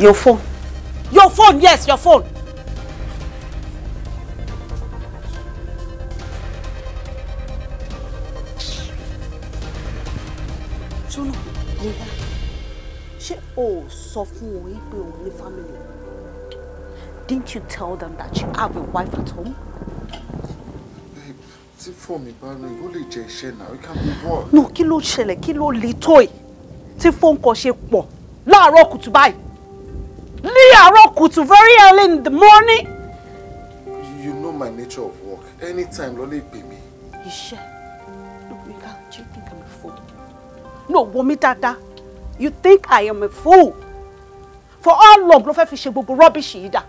Your phone. Your phone, yes, your phone. Ṣọ́nà, Yinka, ṣé o sọ fún wọn pé o family? Didn't you tell them that you have a wife at home? Tí fóònù mi bá rìn, ó lè jẹ iṣẹ́ náà, No, kilo ló kilo litoy. ló le tó yìí? Tí fóònù kan ṣe ní àárọ̀ to very early in the morning. you know my nature of work anytime ló lè pè mí. iṣẹ́ Look, pé do you think i'm a fool. no wo mi you think i am a fool for how long ló fẹ́ fi ṣe rubbish yìí dà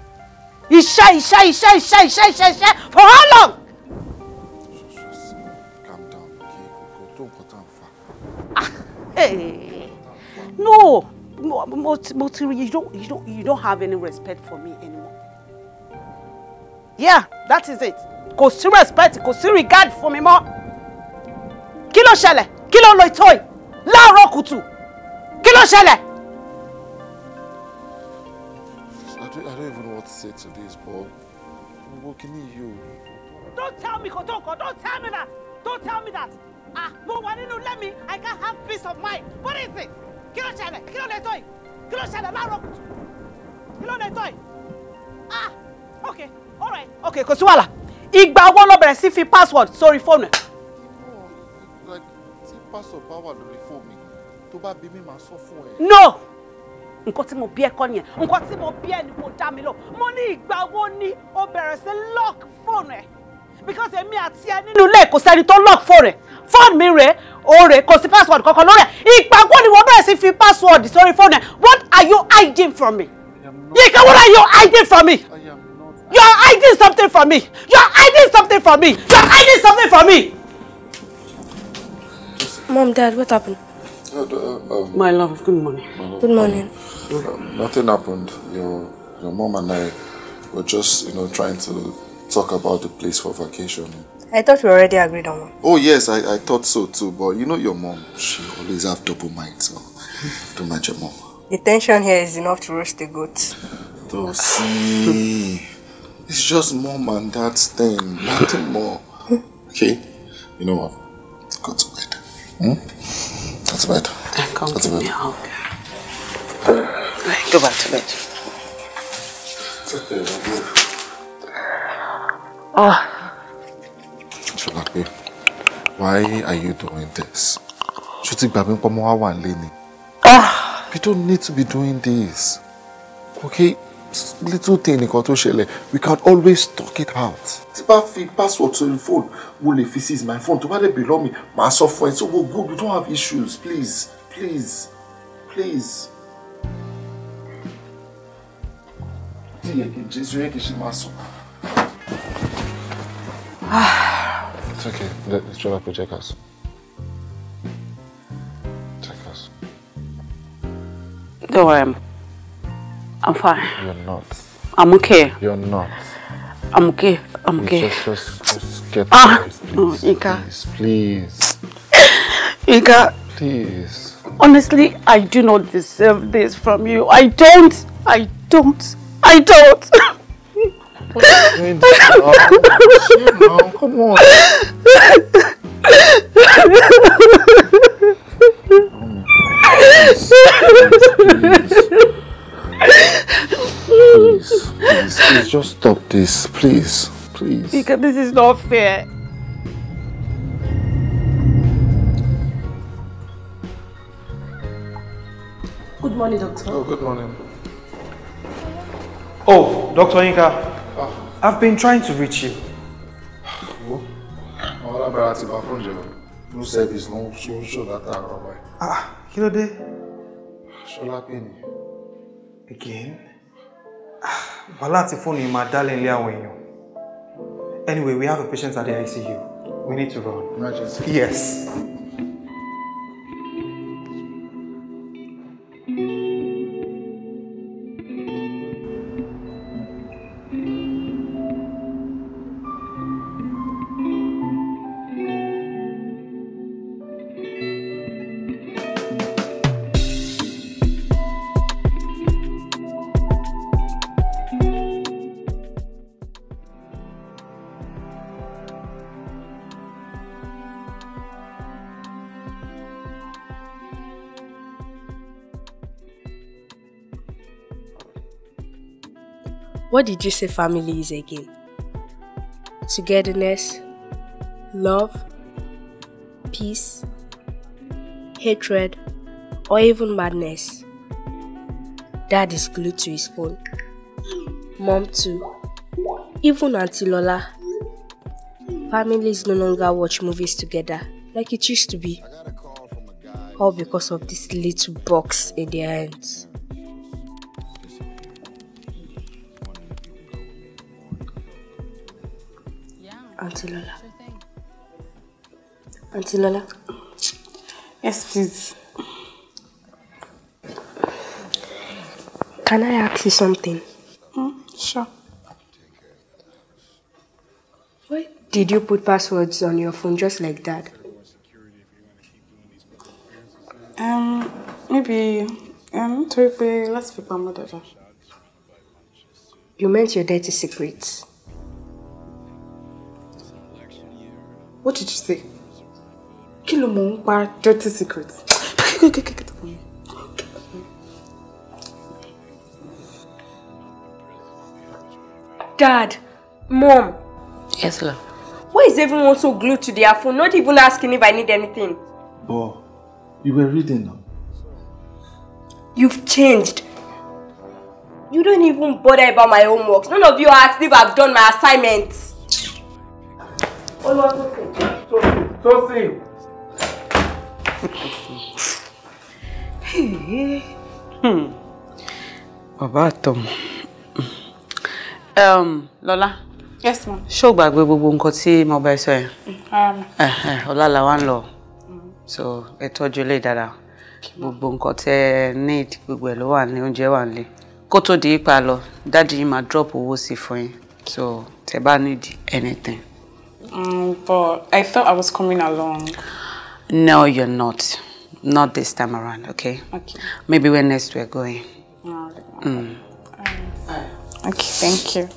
iṣẹ́ iṣẹ́ iṣẹ́ iṣẹ́ iṣẹ́ iṣẹ́ for how long. calm down kí kò tó nǹkan tá à ah, no mo ti you don't you don't you don't have any respect for me anymore yeah that is it kò respect kò regard for me more. Kilo ló kilo loitoi, ló lo kilo yìí I don't, I don't even know what to say to this, but gbogbo kini yìí o. Don't tell me Kotoko, don't tell me that, don't tell me that. Ah, mo wà nínú Let me. I can't have peace of mind. What is it? kí ló ṣẹlẹ̀ kí ló lè tó yìí kí ló ṣẹlẹ̀ láàárọ̀ kùtù kí ló lè tó yìí ah ok all right ok kò sí wàhálà ìgbà ọwọ́ ló bẹ̀rẹ̀ sí fi password sórí fóònù ẹ̀. tí password bá wà lórí fóònù mi tó bá bí mi máa sọ fún ẹ. no nǹkan tí mo bí ẹ kọ́ nìyẹn nǹkan tí mo bí ẹ ni mo dá mi lò mo ní ìgbà wo ni o bẹ̀rẹ̀ sí lock fóònù ẹ̀ because èmi àti ẹ nínú ilé kò sẹ́ni tó lock fóònù rẹ̀ fóònù mi rẹ̀ òòrè kò sí password kankan lórí ẹ̀ ìpàgọ́ ni wọ́n bẹ̀rẹ̀ sí fi password sórí fóònù ẹ̀ what are you hiding from me? Yinka what are you hiding from me? You are hiding something from me. You are hiding something from me. You are hiding something from me. Mom, Dad, what happened? Uh, uh, um, My love, good morning. Good morning. Um, nothing happened. Your your mom and I were just, you know, trying to talk about the place for vacation. I thought we already agreed on one. Oh yes, I, I thought so too. But you know your mom, she always have double mind, so don't mind your mom. The tension here is enough to roast the goat. To see, it's just mom and dad's thing, nothing more. Okay, you know what? Go to bed. Hmm? That's bed. come That's to bed. me, Go back to bed. It's okay. Ah. Sholape, why are you doing this? Ṣó ti gbàgbé pé ọmọ wa wà nílé Ah. You don't need to be doing this. Okay? Little thing nìkan tó ṣẹlẹ̀, we can always talk it out. Tí bá fi password sórí phone, mo fi seize my phone. Tó bá below me, my software is So good. go, you don't have issues, please, please, please. Tí yẹ kí Jésù yẹ kí ṣe máa sọ. it's okay. Let's try to check us. Check us. Don't worry. I'm fine. You're not. I'm okay. You're not. I'm okay. I'm okay. Just, just, just get ah. no, please. Inka. Please, please. Inka. Please. Honestly, I do not deserve this from you. I don't. I don't. I don't. shit, Come on. Please, please, please, just stop this, please, please. Because this is not fair. Good morning, doctor. Oh, good morning. Oh, Dr. Inka, Ah. I've been trying to reach you. Ọ̀rọ̀ abẹ́rẹ́ àti bá fún ìjọba. No service ló ń ṣe oṣù látàárọ̀ báyìí. Ah, kí ló dé? Ṣọlá pè ní. Again? Ah, wàhálà àti fóònù yìí máa dálé ilé àwọn èèyàn. Anyway, we have a patient at the ICU. We need to run. Emergency. Yes. What did you say family is again? Togetherness, love, peace, hatred, or even madness. Dad is glued to his phone. Mom too. Even Auntie Lola. Families no longer watch movies together like it used to be. All because of this little box in their hands. Auntie Lola. Auntie Lola. Yes, please. Can I ask you something? Mm, sure. Why did you put passwords on your phone just like that? Um, maybe, um, to be, let's my mother. You meant your dirty secrets. What did you say? Kill ló mọ̀ dirty secrets. Dad, Mom. Yes, love. Why is everyone so glued to their phone, not even asking if I need anything? Bo, you were reading now. You've changed. You don't even bother about my homeworks. None of you asked if I've done my assignments. olúwa tó sìn. tó sìn. Hmm. bàbá àtọmọ um, lọlá yes ma ṣó gbàgbé gbogbo nǹkan tí mo bá ẹ sọ yẹn mm, um. ọlá làwa ń lọ mm. so ẹ tọ́jú ilé dáadáa gbogbo nǹkan tẹ ẹ need gbogbo ẹ ló wà ní oúnjẹ wà nílé kó tó di ipa lọ dáàdi yìí máa drop owó sí fún yín so tẹ bá need anything. Mm, but I thought I was coming along. No, you're not. Not this time around, okay? Okay. Maybe when next we're going. Mm. okay, thank you.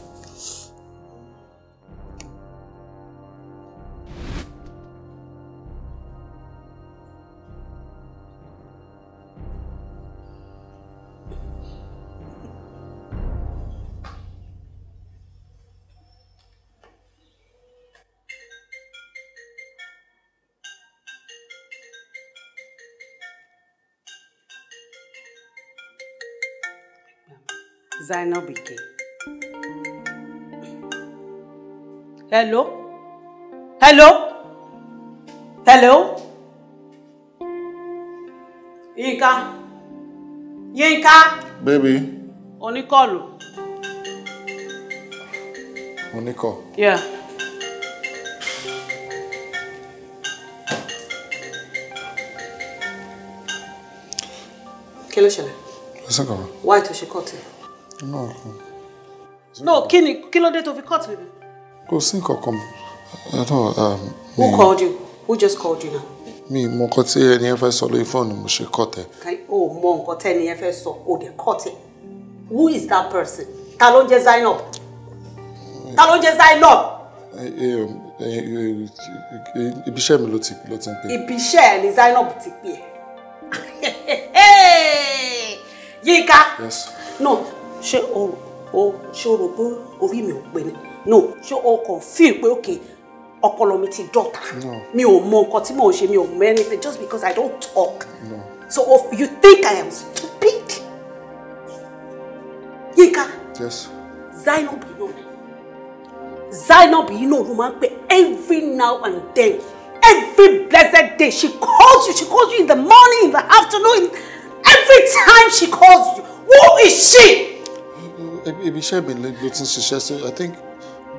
Zainab Ike. Hello? Hello? Hello? Yinka? Yinka? Baby. Oníkọ̀lù. Oníkọ̀. Yeah. kí ló ṣẹlẹ̀. ló ṣe kàn. Why did she kọ́ tẹ̀. No. No, kí ni kí ló dé with fi cut mi? Kò sí nǹkan kan mọ́. Um, Who called you? Who just called you now? Me, mọ nǹkan tí ẹni ẹ fẹ́ sọ lórí fóònù mo ṣe cut ẹ. O mọ nǹkan tí ẹni ẹ fẹ́ sọ, o dẹ̀ cut ẹ. Who is that person? Ta ló ń jẹ́ Zainab? Ta ló ń jẹ́ Zainab? Eh, eh, um, eh, Ibiṣẹ́ mi ló ti ń pè. Ibiṣẹ́ ni Zainab ti pè ẹ́. Yínká. Yes. No, ṣé o o ṣé o rò pé orí mi ò pé ni no ṣé o kàn feel pé okay ọpọlọ mi ti dọ̀tà mi ò mọ nǹkan tí mò ń ṣe mi ò mọ anything just because i don't talk no. so if you think i am stupid Yinka yes. Zainab yìí náà Zainab yìí náà ló máa ń pè every now and then every blessed day she calls you she calls you in the morning in the afternoon every time she calls you who is she ibi iṣẹ́ mi ló ti ń ṣiṣẹ́ so i think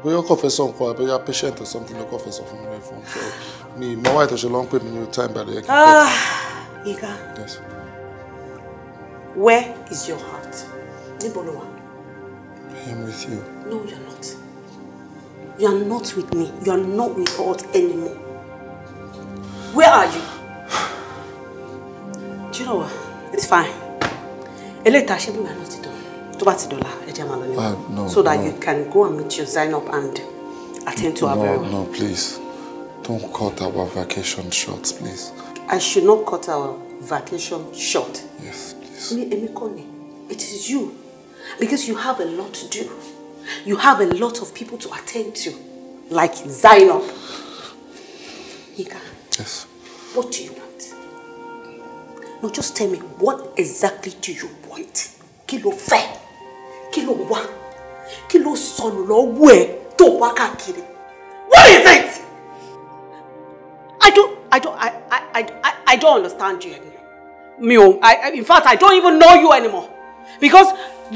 bóyá ọkọ̀ fẹ́ sọ nǹkan àbẹ́yà patient or something lọ́kọ̀ fẹ́ sọ fún mi fún so mi ìmọ̀ wáyé tó ṣe ló ń pè mí ní time by the way. ah Iga. yes. where is your heart níbo ló wà. i am with you. no you are not you are not with me you are not with God anymore where are you. do you know what it's fine eléyìí tá a ṣe bí wàá náà ti dán. tó bá ah, so that no. you can go and meet your sign up and attend to no, our very no please don't cut our vacation short please. I should not cut our vacation short. Yes please. Me, èmi it is you because you have a lot to do you have a lot of people to attend to like sign up. Yes. What do you want? No, just tell me, what exactly do you want? Kí lo kí ló wá kí ló sọnù lọ́wọ́ ẹ̀ tó wá káàkiri what is it i don't i don't i i i, I don't understand you anymore mi ò i in fact i don't even know you anymore because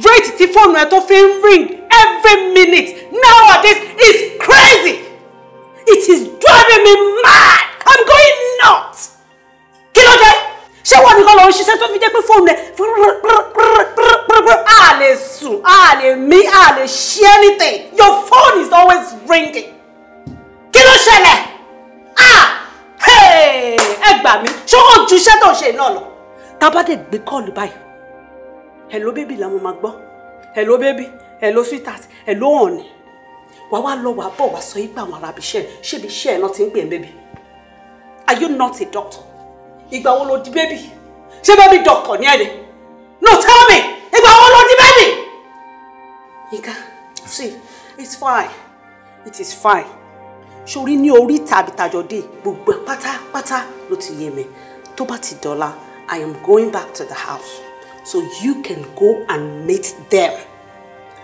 rate ti fóònù ẹ tó fi ń ring every minute nowadays is crazy it is driving me mad i'm going nuts ṣé wọ́n nìkan lọ ṣiṣẹ́ tó fi jẹ́ pé fóònù ẹ̀ a lè sùn a lè mí a lè ṣí anything your phone is always ringing kí ló ṣẹlẹ̀ ah ẹ gbà mí ṣé ó ju iṣẹ́ tó ń ṣe náà lọ tá bá dé gbé kọ́ọ̀lù báyìí hello baby làwọn máa gbọ́ hello baby hello sweetheart hello honey wàá wá lọ wàá bọ̀ wàá sọ yín pé àwọn arábìṣẹ́ ṣébi iṣẹ́ ẹ̀ náà ti ń pè é baby are you not a doctor ìgbà wo ló di bébì ṣé bébì dọkọ ní ẹni no tell me ìgbà wo ló di bébì. Yinka see it's fine it is fine sori ní orí tàbí tàjọ dé gbogbo pátápátá ló ti yé mi tó bá ti dọ́là I am going back to the house so you can go and meet them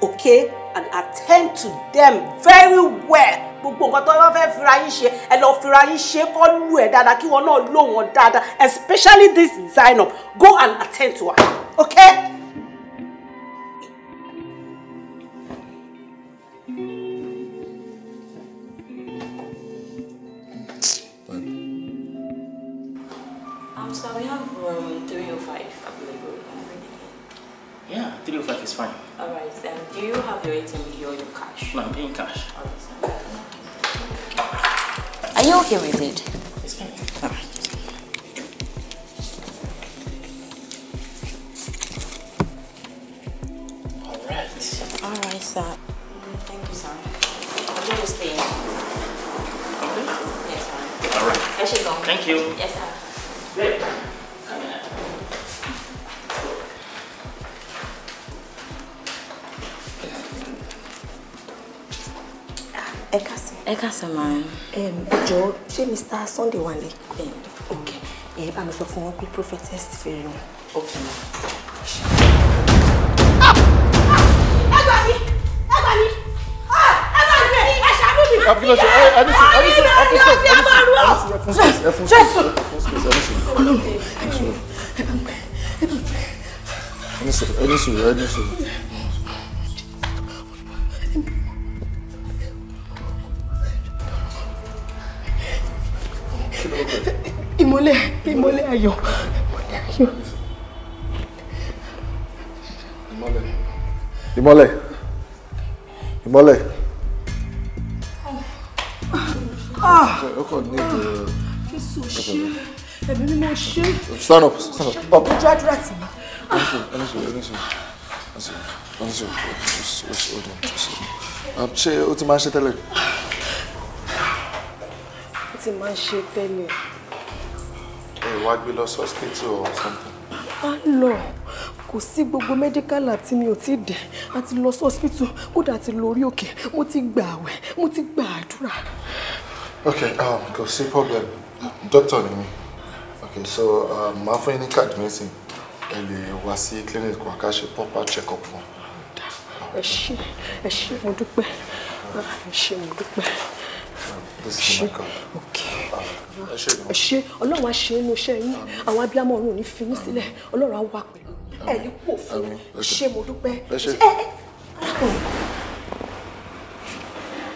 okay and attend to them very well gbogbo nǹkan tó bá fẹ́ fira yín ṣe ẹ lọ fira yín ṣe kọ́ lù ẹ̀ dáadáa kí wọn náà lò wọn dáadáa especially this Zainab go and attend to her okay. Um, um, oh yeah, 305 is fine. Alright, um, do you have your ATM with or your cash? No, I'm paying cash. Alright. Are you okay with it? All right. All right. All right, Thank you, sir. I'm going to Okay. Yes, sir. All right. I should go. Thank you. Yes, sir. Wait. Come here. Ẹ ká ẹ ká sọ máa ń. ìjọ ṣé Mr. Sunday wà lẹ. ok ẹ bá mi sọ fún wọn pé prophetess fẹ́ẹ́ rí wọn. ok ma. ẹ gbà mí ẹ gbà mí ẹ gbà mí ẹ ṣàánú mi. àfikún ṣe ẹ ní sùn ẹ ní sùn ẹ ní sùn ẹ ní sùn ẹ fún space ẹ fún space ẹ ní sùn ẹ ní sùn ẹ ní sùn ẹ ní sùn ẹ ní sùn ẹ ní sùn. ìmọ́lẹ̀ ayọ̀ ìmọ́lẹ̀ ayọ̀. ìmọ́lẹ̀ ìmọ́lẹ̀ ìmọ́lẹ̀. ọkọ ah. ní ètò uh, jésù ṣe ẹ̀mí mímọ́ ṣe. stand up stand up up. ojú àdúrà tì mí. Um, ṣé o ti máa ń ṣe tẹ́lẹ̀? o ti máa ń ṣe tẹ́lẹ̀ ẹ wá gbé lọ or something. a lọ kò sí gbogbo mẹ́díkàlà tí mi ò ti dé a ti lọ sọ́spítù kódà ti lórí òkè mo ti gbà àwẹ̀ mo ti gbà àdúrà. ok um, kò sí problem doctor ni mi ok so um, fún yín ní card medicine ẹ lè wá sí clinic wa ká ṣe proper check up fún un ẹ ṣé ẹ ṣé mo dúpẹ́ ah, ẹ ṣé mo dúpẹ́ um, ẹ ṣé ok ẹ ṣe ọlọ́run á ṣe é nu iṣẹ́ yín àwọn abiyamọ ọ̀run ò ní fi yín sílẹ̀ ọlọ́run á wà pẹ̀lú ẹ ní kú òfin ṣe mo dúpẹ́ ẹ ẹ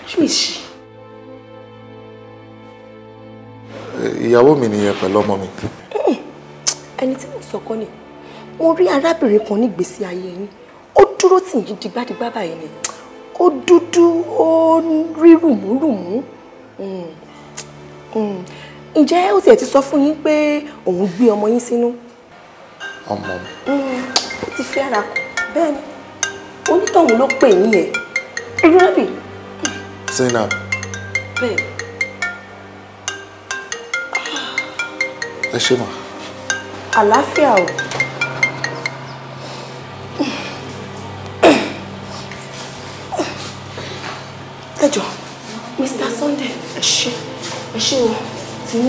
ṣú ìṣí. ìyàwó mi nìyẹn pẹ̀lú ọmọ mi. Eh, ẹni tí mo sọkọ ni mo rí arábìnrin kan nígbésí ayé yín ó dúró tì yín dìgbàdìgbà báyìí ni ó dúdú ó rí rùmúrùmú. Hmm. Hmm ǹjẹ́ ó tiẹ̀ ti sọ fún yín pé òun gbé ọmọ yín sínú. ọmọ. Mm, ó ti fẹ́ ra kù bẹ́ẹ̀ ni onítọ̀hún ló pè yín yẹn irú rẹ́bì. Zainab. bẹ́ẹ̀. ẹ ṣe mà. àlàáfíà o. ẹ jọ̀ọ́ Mr. Sunday ẹ ṣe ẹ ṣe o àti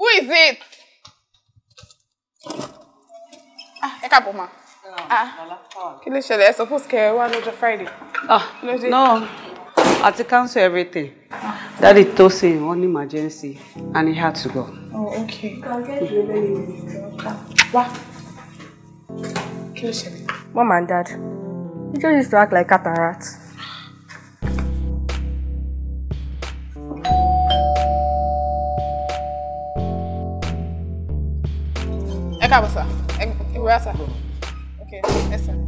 who is it? Ah, ẹ káàbọ̀ ma. Ah, ah kí ló ṣẹlẹ̀? Ẹ suppose kẹ wá lọ́jọ́ Friday. Ah, no. At the council, everything. Daddy told him ní emergency and he had to go. Oh, okay. Wá. Kí ló ṣẹlẹ̀? Mom and dad, you just used to act like cat and rat. Ẹ káàbọ̀ sá, ẹ wúra sá. Okay, listen. sá.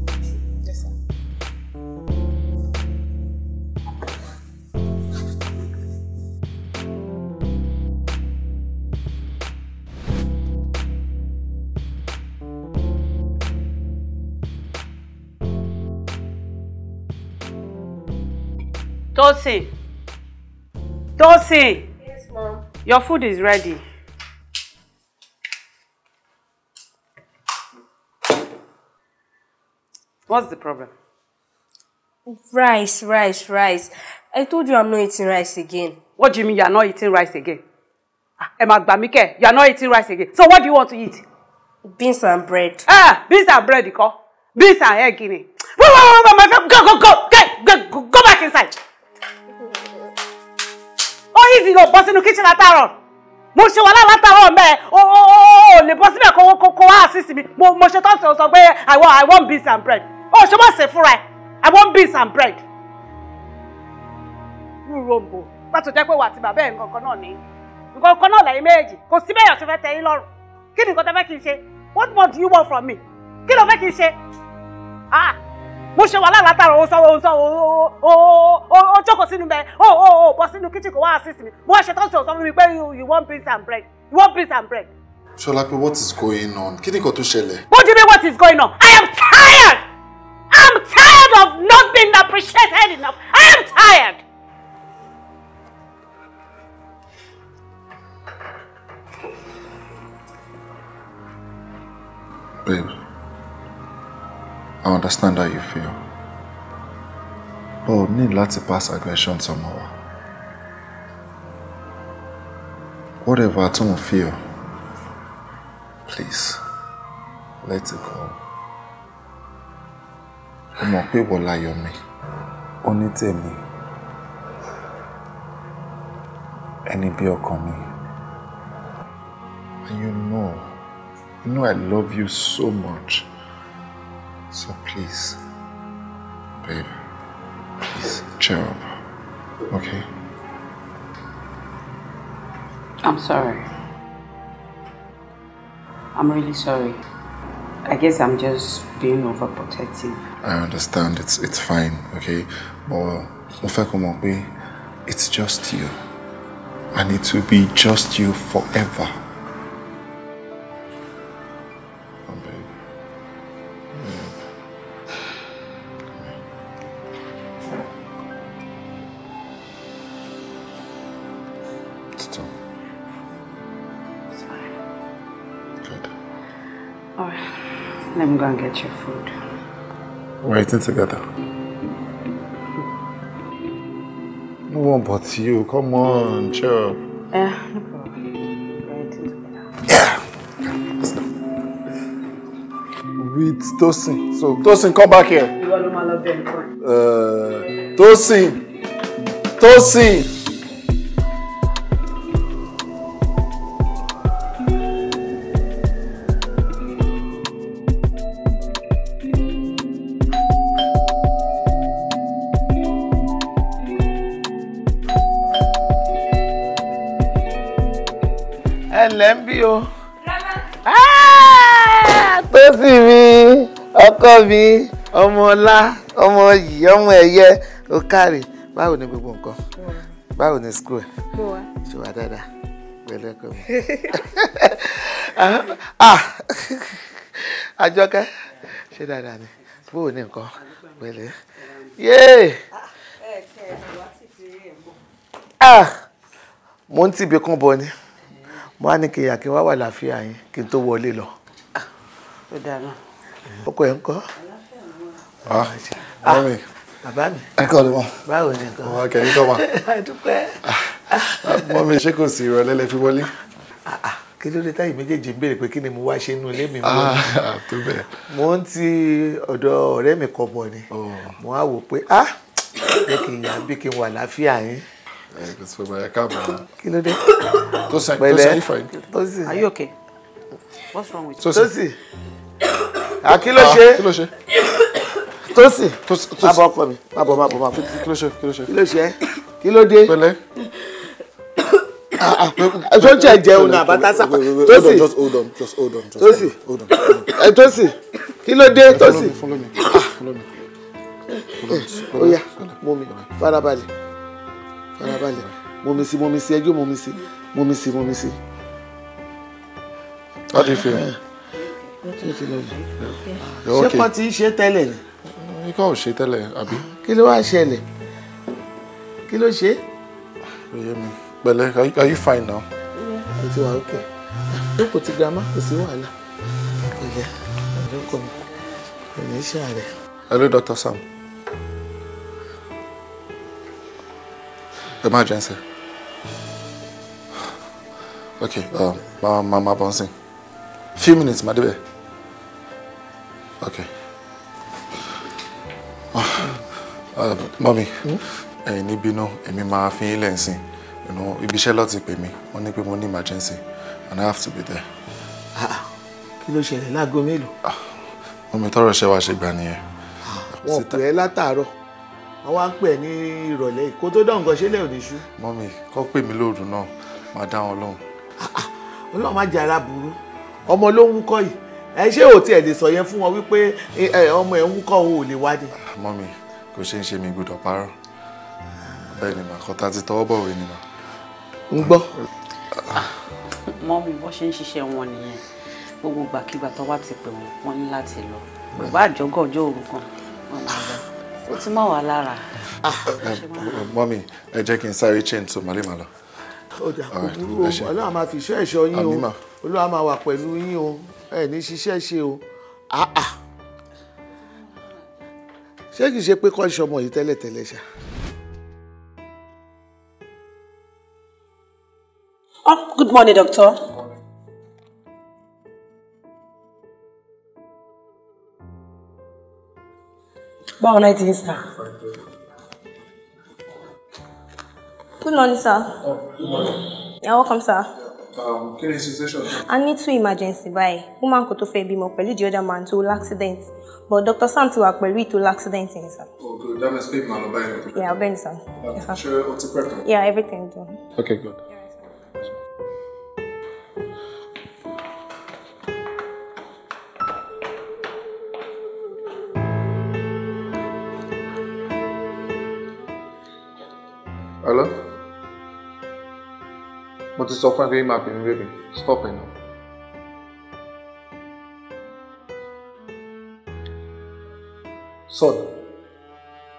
Tosin. Tosin. Yes, mom. Your food is ready. What's the problem? Rice, rice, rice. I told you I'm not eating rice again. What do you mean you're not eating rice again? Ẹ má you're not eating rice again. So what do you want to eat? Beans and bread. Ah, beans and bread, you call? Beans and egg, ni. Wait, wait, wait, my friend. Go, go, go, go, go, go back inside ó easy lọ bọ́ sínú kitchen látàárọ̀ mo ṣe wàhálà látàárọ̀ mẹ́ ó ó ó lè bọ́ síbẹ̀ kó kó kó wá assist mi mo mo ṣe tán sọ sọ pé i want i want beans and bread ó ṣe wọ́n ṣe fúnra ẹ̀ i want beans and bread. rúròǹbò pàtó jẹ́ pé wà àti bàbá ẹ̀ nǹkan kan náà ní nǹkan kan náà lẹ́yìn méjèèjì kò sí bẹ́ẹ̀ ọ̀ṣun fẹ́ tẹ yín lọ́rùn kí ni nǹkan tẹ fẹ́ kí n ṣe what more do you want from me kí ló fẹ́ kí n ṣe ah bó ṣe wà lálátàrọ ó sanwó ó sanwó jókòó sínú bẹ ó ó ó bọ sínú kíchìn kó wá assist mi bó ṣe tó ṣe mi pé you want beans and bread you want beans and bread. ṣọlá pé what is going on kí ni nǹkan tó ṣẹlẹ̀. what do what is going on i am tired i am tired of not being appreciated enough i am tired. Babe. I understand how you feel. But o ní to pass aggression somehow. Whatever I don't feel, please, let it go. Ó mọ̀ pé ìwọ láyọ̀ mi, ó ní tèmi, ẹni bí ọkàn And you know, you know I love you so much. Please. Babe. Please cheer up. Okay? I'm sorry. I'm really sorry. I guess I'm just being overprotective. I understand. It's it's fine, okay? But it's just you. And it will be just you forever. and get your food. We're eating together. No one but you. Come on, chill. Yeah, eh, Yeah. With Tosin. So, Tosin, come back here. Uh, Tosin. Tosin. rí o. Ah, Tósìn mi ọkọ mi ọmọ ọlá ọmọ yìí ọmọ ẹyẹ ó kàrè báwo ni gbogbo nǹkan báwo ni school ẹ ṣe wà dáadáa pẹ̀lú ẹ̀kọ́ mi. Ah, ah. Àjọkẹ́ ṣe dáadáa ni bó o ní nǹkan pẹ̀lú yéè. mo ń tìbí kan bọ̀ ni mo wá ní kí ìyá kí wá wà láàfíà yín kí n tó wọlé lọ. ọkọ ah, ẹ ń kọ́. Ah, ah, bàbá mi ẹ kọ́ ni wọn. báwo ni nǹkan. wọn kẹ́yìn kọ́ ma. àdúpẹ́. mọ mi ṣé kò sí ìrọ̀lẹ́ lẹ fi wọlé. kí ló dé táyì méjèèjì ń béèrè pé kí ni mo wá ṣe inú ilé mi mo ń ti ọ̀dọ̀ ọ̀rẹ́ mi kọ̀ bọ̀ ni oh. mo á wò pé ah jẹ́ kí n yà bí kí n wà láàfíà yín kòsìkòmọ̀ ẹ káàbọ̀ ọ̀la. kí ló dé. Tosin Tosin ifá yìí. Tosin are you okay? what's wrong with you. Tosin kí ló ṣe. kí ló ṣe. Tosin má bọ̀ ọkọ mi má bọ̀ má bọ̀ má bọ̀. kí ló ṣe kí ló ṣe. kí ló ṣe kí ló dé. pẹ̀lẹ́ tó jẹ jẹun náà bàtà sápà Tosin just hold on just hold on just Tosin hold on ẹ Tosin kí ló dé Tosin. follow me follow me follow me. oya mú mi farabalẹ̀ farabalẹ̀ mọ̀mí sí mọ̀mí sí ẹjọ́ mọ̀mí sí mọ̀mí sí mọ̀mí sí. how do you feel? Eh, ṣé kàn ti ṣe tẹ́lẹ̀ ni. ikọ̀ ò ṣe tẹ́lẹ̀ àbí. kí ló wá ṣẹlẹ̀ kí ló ṣe. pẹ̀lẹ́ are you fine now. mo ti wà ókè lóko ti girama kò sí wàhálà pẹ̀lẹ́ ọ̀rẹ́ kò ní ṣàárẹ̀. hello Dr. Sam. emergency. E. Okay, um, uh, my my ma bouncing. Few minutes, my dear. Okay. Ah, uh, mommy, ẹ̀yin níbí náà, èmi máa fi yín lẹ́sìn. You know, ibi iṣẹ́ ló ti pè mí, wọ́n ní mo ní emergency and I have to be there. Ah, ah, kí ló ṣẹlẹ̀ láago mélòó? Mommy, tọrọ she wá ṣe gbà nìyẹn. Wọ́n pè é látàárọ̀ wọ́n wá ń pè ní ìrọ̀lẹ́ kó tó dán nǹkan ṣẹlẹ̀ òní ṣú. mọ́mì kọ́ pè mí lóru náà máa dá wọn lóhùn. Ah, ah, ọlọ́run má jẹ́ ara burú ọmọ ló ń wúkọ́ yìí ẹ ṣé ò tiẹ̀ lè sọ yẹn fún wọn wípé ọmọ ẹ̀ ń wúkọ́ òun ò lè wá ni. Ah, mọ́mì kò ṣe ń ṣe mi gbọ́dọ̀ parọ́ bẹ́ẹ̀ ni mà kọ́tà ti tọwọ́ bọ̀wé ni mà. ń gbọ́. mọ́mì bó ṣe ń ṣiṣẹ́ wọn nìyẹn gbogbo gbàkigbà tó wá ti pè wọ́n wọ́n ní láti lọ bàbá àjọgọ́jọ́ òru kan wọ́n máa lọ ó ti mọ̀ wá lára. Ah, mọ́mí ẹ jẹ́ kí n sáré chain tó màlẹ́ màlọ́. ó dà kó burú o ọlọ́run máa fi iṣẹ́ ẹ̀ṣọ́ yín o olúwa máa wà pẹ̀lú yín o ẹ ní ṣiṣẹ́ ṣe o ah, ah. ṣé kìí ṣe pé kọ́ ìṣọmọ yìí tẹ́lẹ̀tẹ́lẹ̀ ṣá. Oh, good morning, doctor. báwo náà ti ń sà. good morning sir. Oh, good morning. you're welcome sir. Um, kí ni situation? a ní two emergency báyìí woman kò tó fẹ́ bímọ pẹ̀lú the other man tó o accident but Dr. Sam ti wà pẹ̀lú ìtò accident yẹn sir. ok oh, that means pé màá lọ báyìí. yeah ọbẹ̀ ni sir. ṣé o ti prep. yeah everything done. okay good. Yeah, This sọ fún ẹ pé yín máa pè stop ẹ son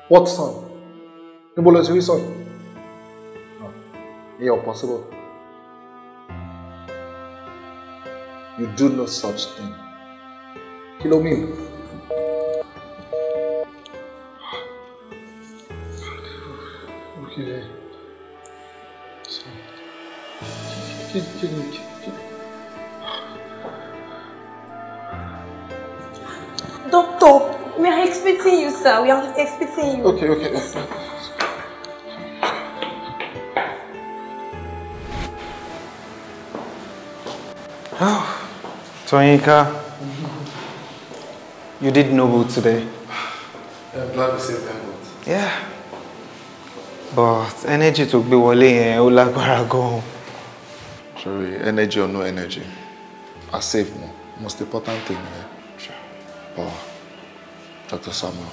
what son you ló ti rí son ìyẹn ò possible you do no such thing You ló me. Doctor, we are expecting you, sir. We are expecting you. Okay, okay. Oh, Toyinka, you did noble today. I'm glad we saved them both. Yeah. But energy took gbé wọlé yẹn Ola, lágbára gan energy or no energy, I save more. Most important thing Yeah? Sure. But, Dr. Samuel.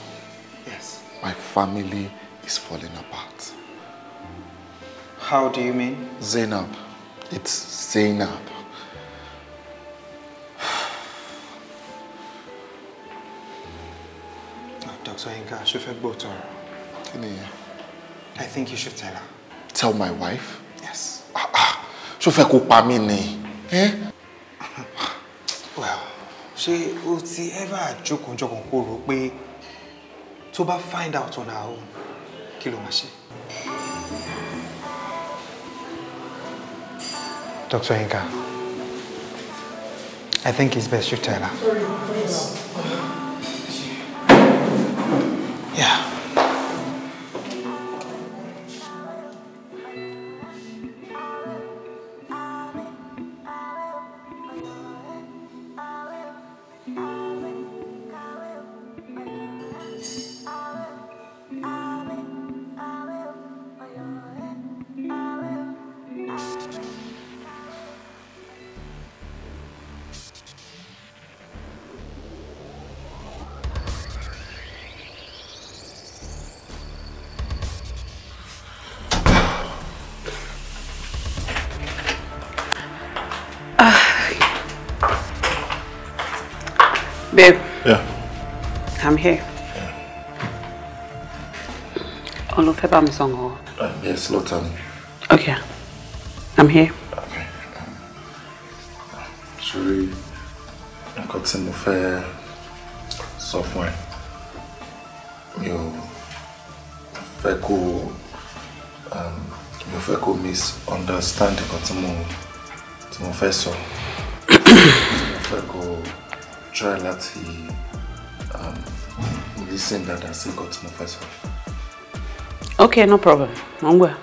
Yes. My family is falling apart. How do you mean? Zainab. It's Zainab. Dr. Inka, she fẹ́ gbọ́ tọrọ. Kí I think you should tell her. Tell my wife? ṣó fẹ́ kó pa mí ni. ṣé o ti ever jókòó-jókòó kó rò pé tó bá find out on her own kí ló máa ṣe. Dr. Yinka, I think it's best you tell her. Yeah. Bam Song Ho? Uh, yes, Lotani. Okay. I'm here. Okay. Um, sorry, nǹkan tí mo fẹ́ software. You, ẹ. Mi ò fẹ́ kó mi ò fẹ́ kó misunderstand nǹkan tí mo tí mo fẹ́ sọ. Mo try láti um, listen dáadáa sí nǹkan to my fẹ́ sọ. Okay, no problem. Mongwe.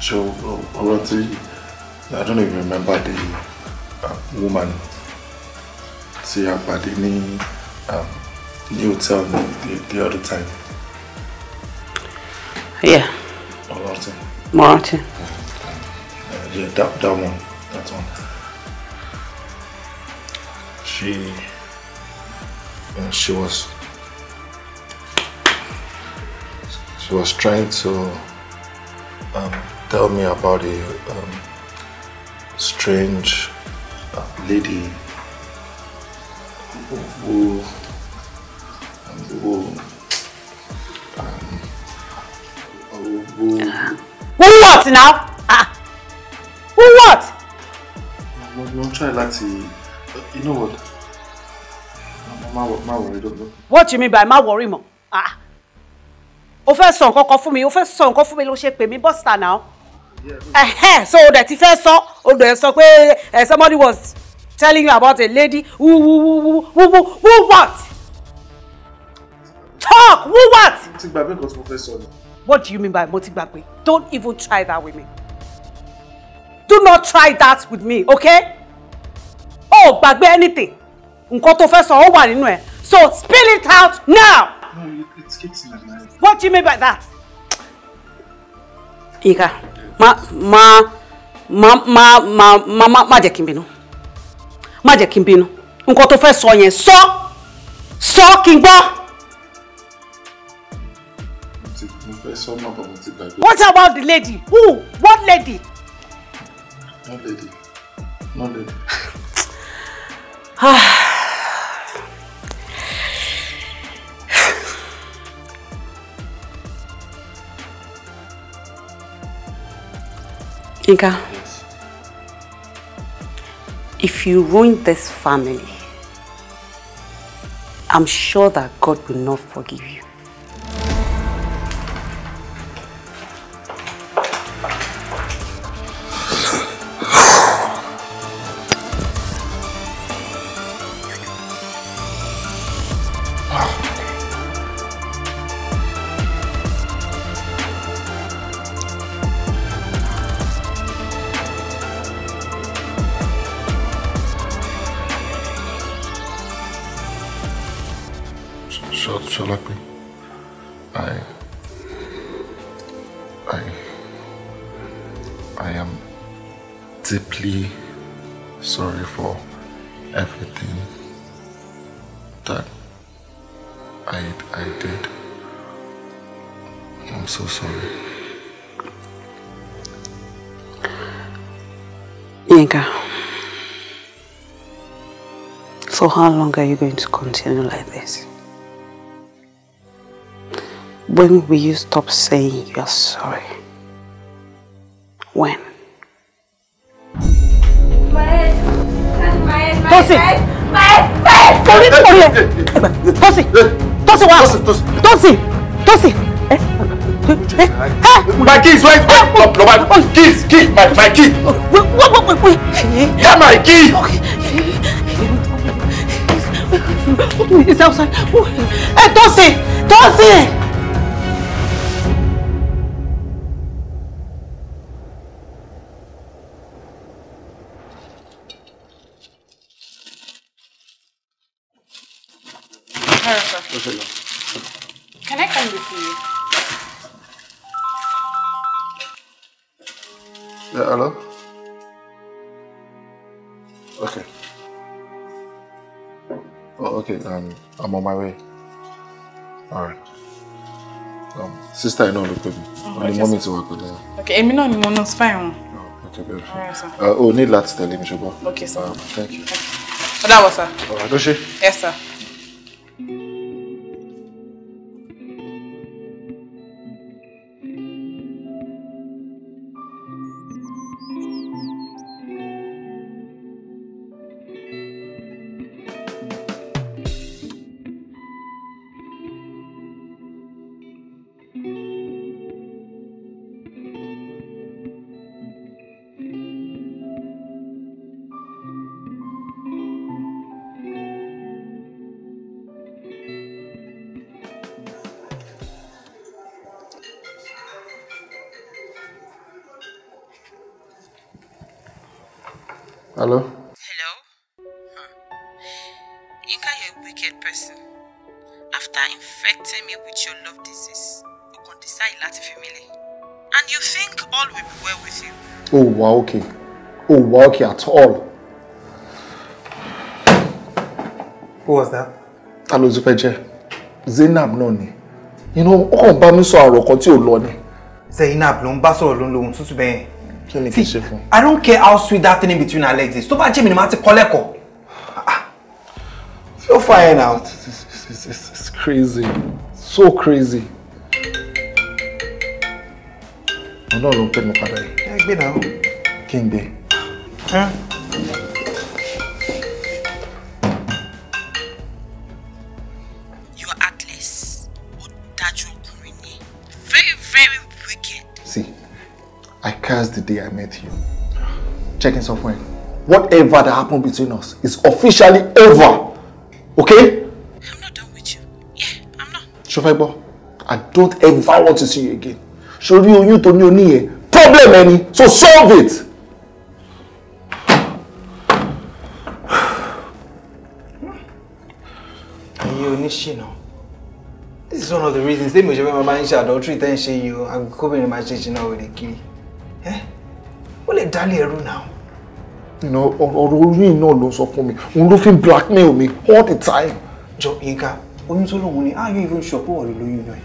So, Oroti, I don't even remember the uh, woman See her pàdé ní um, ní hotel ní the, the other time. Yeah. Oroti. Oroti. Uh, yeah, that, that one. she she was she was trying to um, tell me about a um, strange uh, lady who who, um, um who who what now? Ah. Who what? Wọ́n try láti you know what? má wọrí dódó. wọ́ọ̀tì mi báyìí má wọrí mọ́ ah. o fẹ́ sọ nǹkan kan fún mi o fẹ́ sọ nǹkan fún mi ló ṣe pè mí bọ́sítà náà ẹ̀hẹ́n so o dẹ̀ ti fẹ́ sọ o dẹ̀ sọ pé eh, somebody was telling you about a lady who who who who who who who what talk who what. mo ti gbàgbé nǹkan tí mo fẹ́ sọ ni. what do you mean by mo ti gbàgbé don't even try that with me do not try that with me okay oh, gbàgbé anything nǹkan tó fẹ́ sọ ó wà nínú ẹ̀ so spill it out now. What do you mean by that? Ika, ma ma ma ma ma ma ma ma jẹ́ kí n bínú ma jẹ́ kí n bínú nǹkan tó fẹ́ sọ yẹn sọ sọ kí n gbọ́. mo fẹ́ sọ ma bàbá ti gbàgbé. What about the lady? Who? What lady? No lady. No lady. Inka, yes. if you ruin this family, I'm sure that God will not forgive you. How long are you going to continue like this? When will you stop saying you're sorry? When? My head. My head. My Tosi. head. My head. My head. Tosi, sorry. Tosi. Tosi, what? Tosi. Tosi. Tosi. Eh? Eh? Eh? My keys, wait, wait, no, no, my keys, keys, my, my key. Wait, wait, wait, wait. Yeah, my key. Okay. Entonces, é é entonces, Okay, um, I'm on my way. All right. Um, sister, you know look at me. Only oh, to work with pẹ̀lú. Okay, I'm not in mo nurse fine Oh, okay, beautiful. All right, sir. Uh, oh, need láti tẹ̀lé mi ṣùgbọ́n. Okay, sir. Um, thank you. Okay. Ọ̀dà wọ̀, sir. Ọ̀dà ṣe. Yes, sir. Hello? Hello? Hmm. Inka, you're a wicked person. After infecting me with your love disease, you can decide láti fi mí lé. And you think all will be well with you. Oh, wow, okay. Oh, wow, okay, at all. Who was that? Hello, ló tún fẹ́ Zainab náà You know, ó kàn bá mi sọ àròkọ tí ò lọ ni. Zainab ló ń bá sọ̀rọ̀ ló ń kí ni kí n ṣe fún. I don't care how sweet that thing in between her legs is tó bá jẹ́ mi ni màá ti kọ́ lẹ́kọ̀ọ́. so far now it's, it's, it's, it's crazy so crazy. ọlọ́run ló ń pè mí padà yìí. ẹ gbé náà. kí n gbé. cursed the day I met you. Check in software. Whatever that happened between us is officially over. Okay? I'm not done with you. Yeah, I'm not. Shofaibo, I don't ever want to see you again. Shori oyún to ní oní yẹn. Problem any, So solve it. Ẹ̀yin oníṣìnà. This is one of the reasons. Tẹ́mi ò ṣe fẹ́ máa bá ń ṣe adultery tẹ́ ń ṣe yìí o. Àgbẹ̀kọ́bìnrin máa ṣe ìṣìnà òwèrè kiri ẹ ó lè dálé ẹrú náà. ọ̀rọ̀ orí náà ló ń sọ fún mi òun ló fi blackmail mi all the time. jọ Yinka oyún tó lóun ni are you even sure pé wọ́n ló lóyún náà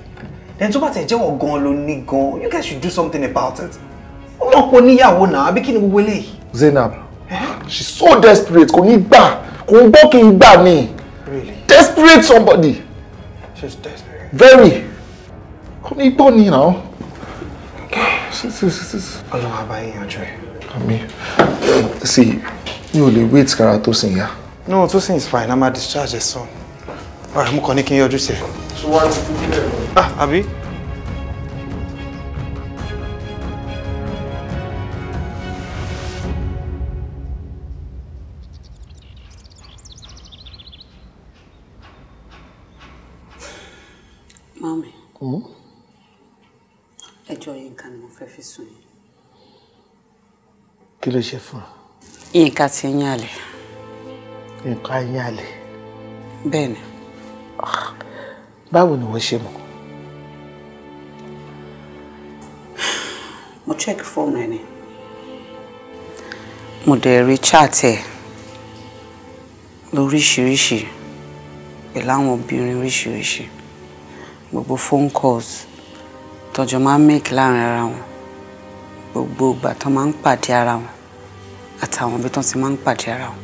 ẹni tó bá tẹ̀ jẹ́wọ́ gan ló ní gan you guys should do something about it. ó náà pọ̀ níyàwó náà àbí kí ni gbogbo eléyìí. Zainab she so desperate kò ní gbà kò ń gbọ́ kí n gbà ni desperate somebody. she's desperate. very kò ní gbọ́ ni now ọlọ́run àbá yín yanjú ẹ̀. àmì sí mi ò lè wait kára tó sìn yá. no tó sìn is fine a máa discharge ẹ sàn ọ̀rẹ́ mú kàn ní kí n yọjú sí ẹ. ṣé wàá ti fi ah àbí. Mami. Mm? ẹjọ́ Yínká ni mo fẹ́ fi sùn yìí. kí ló ṣe fún un. Yínká ti ń yàlẹ̀. Yínká ń yàlẹ̀. bẹ́ẹ̀ ni. báwo ni wọ́n ṣe mọ̀. mo check fóònù ẹ ni mo dẹ̀ rí chat ẹ̀ lóríṣiríṣi pẹ̀lú obìnrin oríṣiríṣi gbogbo phone calls tọ́jọ́ máa ń make láàrin ara wọn gbogbo ìgbà tán máa ń pàdé ara wọn àtàwọn ibi tán ti máa ń pàdé ara wọn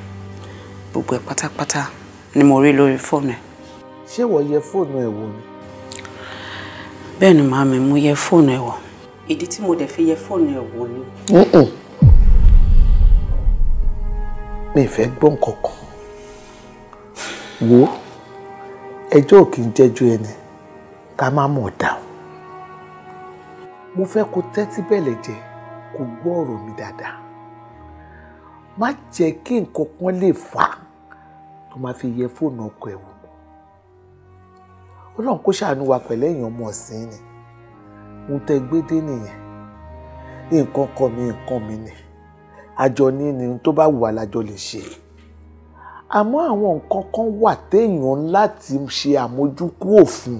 gbogbo ẹ̀ pátápátá ni mo rí lórí fóònù ẹ̀. ṣé wọ́n yẹ fóònù ẹ̀ wò ni. bẹ́ẹ̀ ni màámi mo yẹ fóònù ẹ̀ wò. ìdí tí mo dẹ̀ fi yẹ fóònù ẹ̀ wò ni. mi fẹ́ gbọ́ nǹkan kan wo ẹjọ́ ò kì í jẹ́jú ẹni ká má mọ̀ dáhùn mo fẹ́ kó tẹ́tí bẹ̀lẹ̀ jẹ kó gbọ́ ọ̀rọ̀ mi dáadáa má jẹ́ kí nǹkan kan lè fà á tó máa fi yẹ fóònù ọkọ ẹ̀ wò ọlọ́run kó ṣàánú wa pẹ̀lú èèyàn ọmọ ọ̀sìn ni mo tẹ gbé dé nìyẹn nǹkan kan mi nǹkan mi ni àjọ ní ni tó bá wù wá lájọ lè ṣe àmọ́ àwọn nǹkan kan wà téèyàn láti ṣe àmójúkú òfin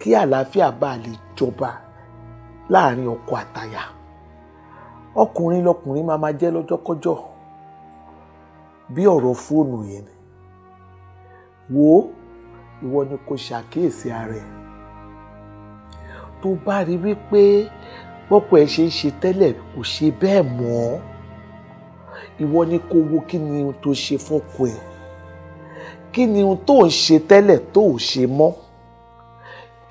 kí àlàáfíà bá lè jọba láàrin ọkọ àtàyà, ọkùnrin lọkùnrin máa máa jẹ́ lọ́jọ́kọ́jọ́ bí ọ̀rọ̀ fóònù yẹn ni wo ìwọ ni kò ṣàkíyèsí ara tó bá rí wípé bọ́pọ̀ ẹ̀ ṣe ń ṣe tẹ́lẹ̀ kò ṣe bẹ́ẹ̀ mọ́ ìwọ ni kò wo kí ni ohun tó ṣe fún fọ́kọ ẹ̀ kí ni ohun tó ń ṣe tẹ́lẹ̀ tó ò ṣe mọ́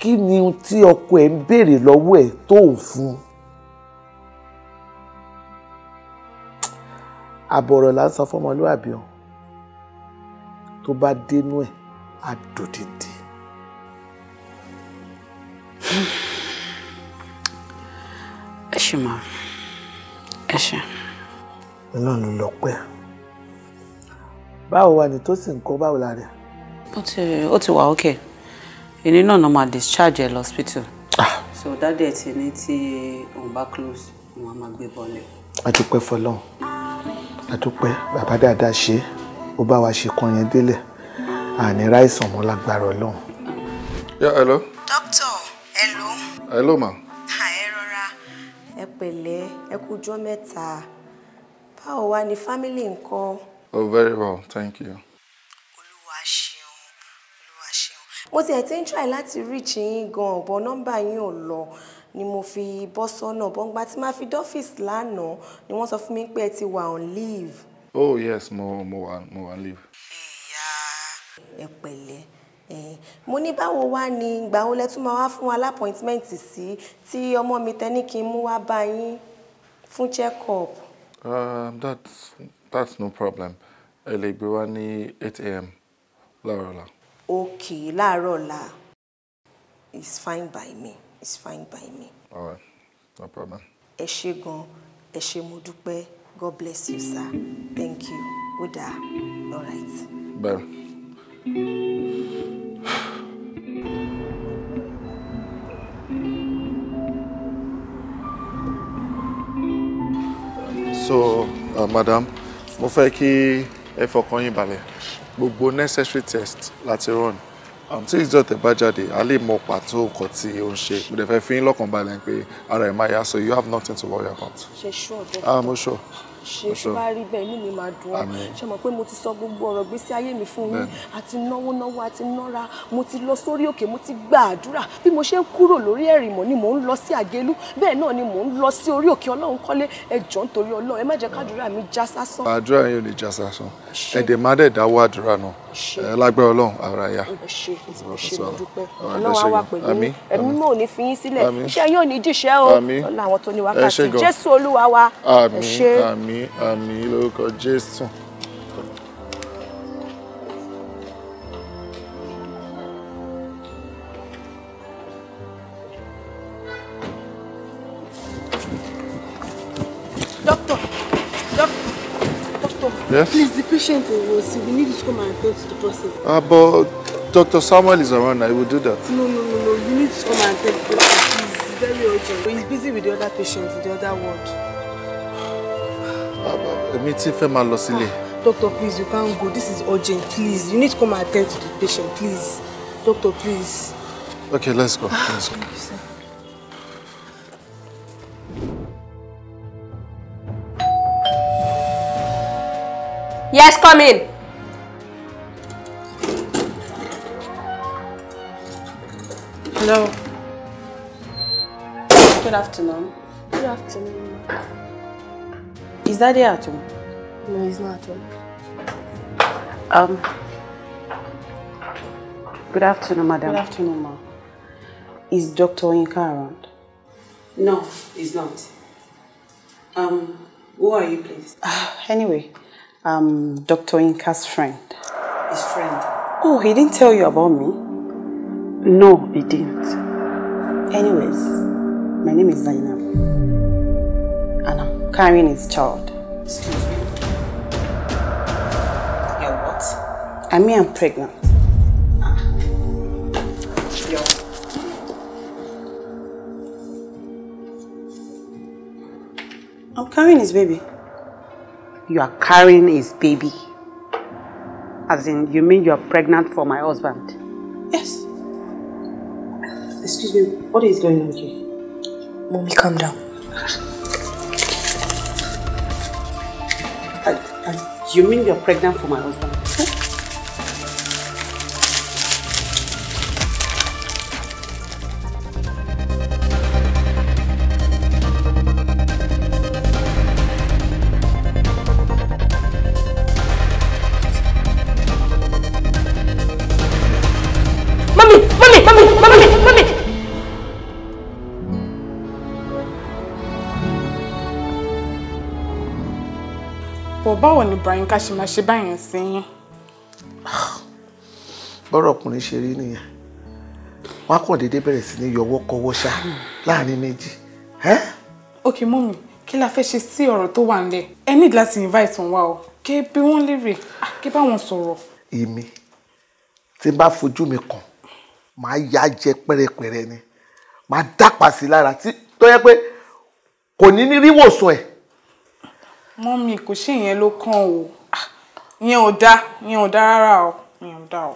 kí ni ohun tí ọkọ ẹ̀ ń béèrè lọ́wọ́ ẹ̀ tó ò fún un. àbọ̀rọ̀ là ń sọ fọmọlúwàbí ọ tó bá dénú ẹ̀ á dòdìdì. ẹ ṣe mọ ẹ ṣe. iná ló lọ pẹ́ báwo wà ní tó sì ń kọ́ báwo la rẹ̀. ó ti wà ókè. Okay ẹni náà normal máa discharge ẹ lọ hospital ah. so dáadé ẹ ti ní tí òun bá close òun á máa gbé bọ́ọ̀lù. adúpẹ́ fọlọ́run adúpẹ́ bàbá dáadáa ṣe ó bá wa ṣe kan yẹn délẹ̀ àní ráìsàn mọ́ lágbára ọlọ́run. yá ẹ lọ. dókítà ẹ ló. ẹ ló mà. ẹ rọra ẹ pẹ̀lẹ́ ẹ kú ọjọ́ mẹ́ta báwo wá ní fámílì nǹkan. oh very well thank you. mo ti ẹ̀ ti ń try láti reach yín gan ọ̀bọ nọ́mbà yín ò lọ ni mo fi bọ́ sọ́nà bọ́ngbà tí máa fi dọ́fíìsì lánàá ni wọ́n sọ fún mi pé ẹ ti wà on leave. oh yes mo mo wà mo wà on leave. ìyá ẹ pẹ̀lẹ́ mo ní báwo wá ni ìgbà wo lẹ tún máa wá fún wa lápọ̀ìntìmẹ́ǹtì sí tí ọmọ mi tẹ́ ní kí n mú wá bá yín fún check up. Uh, um, that's that's no problem ẹ lè gbé wá ní eight a.m. láàárọ̀ la okay láàárọ̀ ọ̀la it's fine by me it's fine by me. all right no problem. ẹ ṣé gan ẹ ṣé mo dúpẹ́ god bless you sir thank you ó dáa all right. bẹ́ẹ̀. so uh, madam mo fẹ́ kí ẹ fọkàn yín balẹ̀ gbogbo necessary test láti run tí ìjọ tẹ bá jáde a lè mọ pàtó nǹkan tí ó ń ṣe mo dẹ̀ fẹ́ fi yín lọ́kàn balẹ̀ pé ara ẹ̀ máa yá so you have nothing to worry about. ṣe sure dọ́kítọ̀ ah mo sure ṣe tó bá rí bẹ́ẹ̀ inú mi máa dùn ọ́ ṣe mọ̀ pé mo ti sọ gbogbo ọ̀rọ̀ gbésí ayé mi fún yín àti náwó náwó àti nọ́ra mo ti lọ sórí òkè mo ti gba àdúrà bí mo ṣe ń kúrò lórí ẹ̀rìnmọ̀ ni mò ń lọ sí àgélú bẹ́ẹ̀ náà ni mò ń lọ sí orí òkè ọlọ́run kọ́lé ẹ nítorí ọlọ́run ẹ má jẹ́ kádùrà mi já sásán. àdúrà yín ò ní já sásán ẹ̀dẹ̀ ẹ lágbẹ́ ọlọ́run ara ya ọlọ́run wà pẹ̀lú yín ẹ̀mí mò ní fi yín sílẹ̀ iṣẹ́ yóò ní jíṣẹ́ o ọlọ́run àwọn tó ní wákàtí jésù olúwa wa ẹ ṣé. àmín àmín lórúkọ jésù. Yes? Please, the patient was We need you to come and attend to the person. Uh, but Dr. Samuel is around. I will do that. No, no, no, no. You need to come and attend to the person. He's very urgent. He's busy with the other patient in the other ward. Ah, èmi ti fẹ́ máa lọ sílé. Ah, doctor, please, you can't go. This is urgent. Please, you need to come and attend to the patient. Please. Doctor, please. Okay, let's go. Let's go. Thank you, sir. Yes, come in. Hello. Good afternoon. Good afternoon. Is Daddy at home? No, he's not at home. Um. Good afternoon, madam. Good afternoon, ma. Is Dr. Inka around? No, he's not. Um, who are you, please? Uh, anyway, I'm um, Dr. Inka's friend. His friend? Oh, he didn't tell you about me? No, he didn't. Anyways, my name is Zainab. And I'm carrying his child. Excuse me? You're what? I mean I'm pregnant. Ah. I'm carrying his baby you are carrying his baby. As in, you mean you are pregnant for my husband? Yes. Excuse me, what is going on here? Mommy, calm down. I, I, you mean you're pregnant for my husband? báwo ni Brian ká ṣe máa ṣe báyẹn sí yín. bọ́rọ̀ ọkùnrin ṣe rí nìyẹn wọ́n á kàn déédé bẹ̀rẹ̀ sí ní yọwọ́ kọwọ́ ṣá láàrin méjì. ok mọ́mì kí la fẹ́ ṣe sí ọ̀rọ̀ tó wà nílẹ̀ ẹ ní láti invite wọn wá o kí bí wọ́n léèrè ah, kí bá wọn sọ̀rọ̀. èmi tí n bá fojú mi kàn màá yá jẹ pẹ́rẹpẹ̀rẹ ni màá dápàsí lára tó yẹ pé kò ní ní ríwòsàn ẹ̀ mọ́mí kò ṣe ìyẹn ló kàn o ah, ìyẹn ò dáa ìyẹn ò dáa rárá o ìyẹn ò dáa o.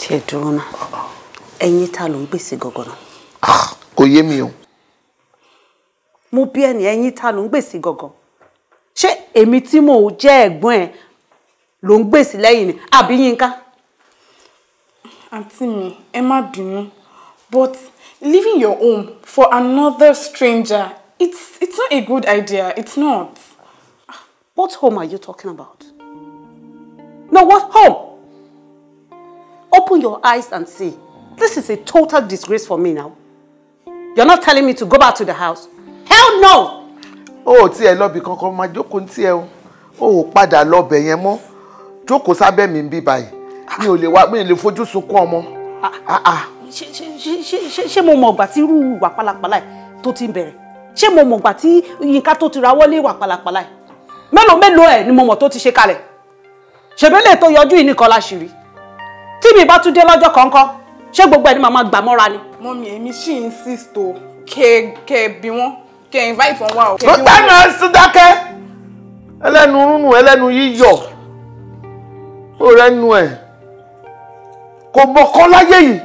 tiẹ̀ dúró náà ẹ̀yin ta ló ń gbèsè gọ̀gọ̀ náà. Ah, kò yé mi o. mo bí ẹni ẹ̀yin ta ló ń gbèsè gọ̀gọ̀ ṣé èmi tí mò jẹ́ ẹ̀gbọ́n ẹ̀ ló ń gbèsè lẹ́yìn ni àbí Yínká. àǹtí mi ẹ má bínú but leaving your home for another stranger It's, it's not a good idea. It's not. What home are you talking about? No, what home? Open your eyes and see. This is a total disgrace for me now. You're not telling me to go back to the house. Hell no! O ti ẹ lọ bí kankan máa jókòó ní tiẹ̀ o. O ò padà lọ bẹ̀ yẹn mọ́. Jókòó sábẹ́ mi bí báyìí. Mi ò lè She she she she she she ọmọ. Ah, ah, ah. Ṣé mo mọ̀ ọ̀gbà tí irú ìwà pálapàla ẹ̀ tó ti ń bẹ̀rẹ̀? ṣé mo mọ̀gbà tí Yinka tó ti rawọ́lé wà pàlàpàlà ẹ̀ mélòó mélòó ẹ̀ ni mo mọ̀ tó ti ṣe kalẹ̀ ṣèbélé tó yọjú yìí nìkan láṣìírí tí mi bá tún dé lọ́jọ́ kọ̀ọ̀kan ṣé gbogbo ẹ̀ ni màmá gbà mọ́ra ni. mọ́mí èmi ṣì ń insist o kẹ kẹ bí wọn kẹ invite wọn wá o. mo tẹ́nu ẹ sí dákẹ́ ẹlẹ́nu rúnù ẹlẹ́nu yíyọ̀ ó rẹ́nu ẹ̀ kò mọ̀kọ́ láyé yìí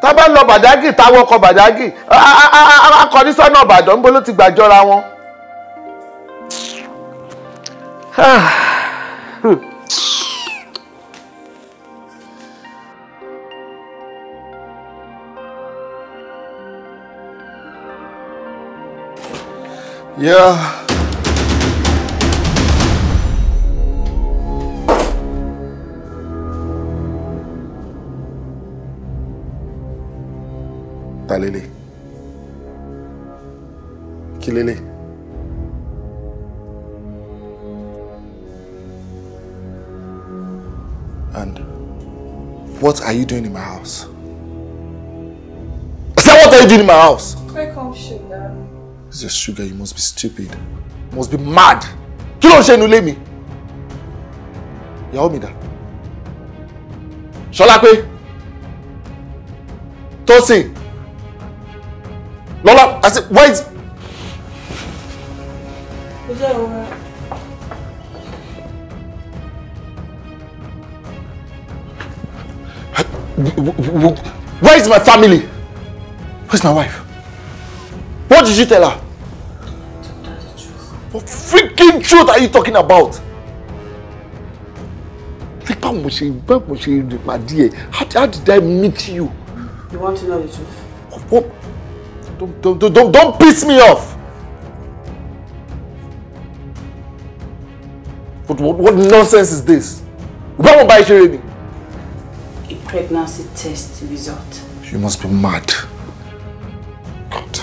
tá bá lọ bàdágì táwọn ọkọ̀ bàdágì akọni sọ́nà ìbàdàn bó ló ti gbàjọra wọn. Yeah. ta lélẹ̀ kí lélẹ̀. And what are you doing in my house? I said, what are you doing in my house? Welcome, sugar. It's your sugar. You must be stupid. You must be mad. Kí you ń me inú ilé mi? Ìyàwó mi dà. Ṣọlápé. Tósìn. Lola, I said, why is... Is Where is my family? Where's my wife? What did you tell her? What freaking truth are you talking about? Like, how did I meet you? You want to know the truth? Don't, don't, don't, don't, don't piss me off. But what, what nonsense is this? Where will buy Shereni? A pregnancy test result. You must be mad. God.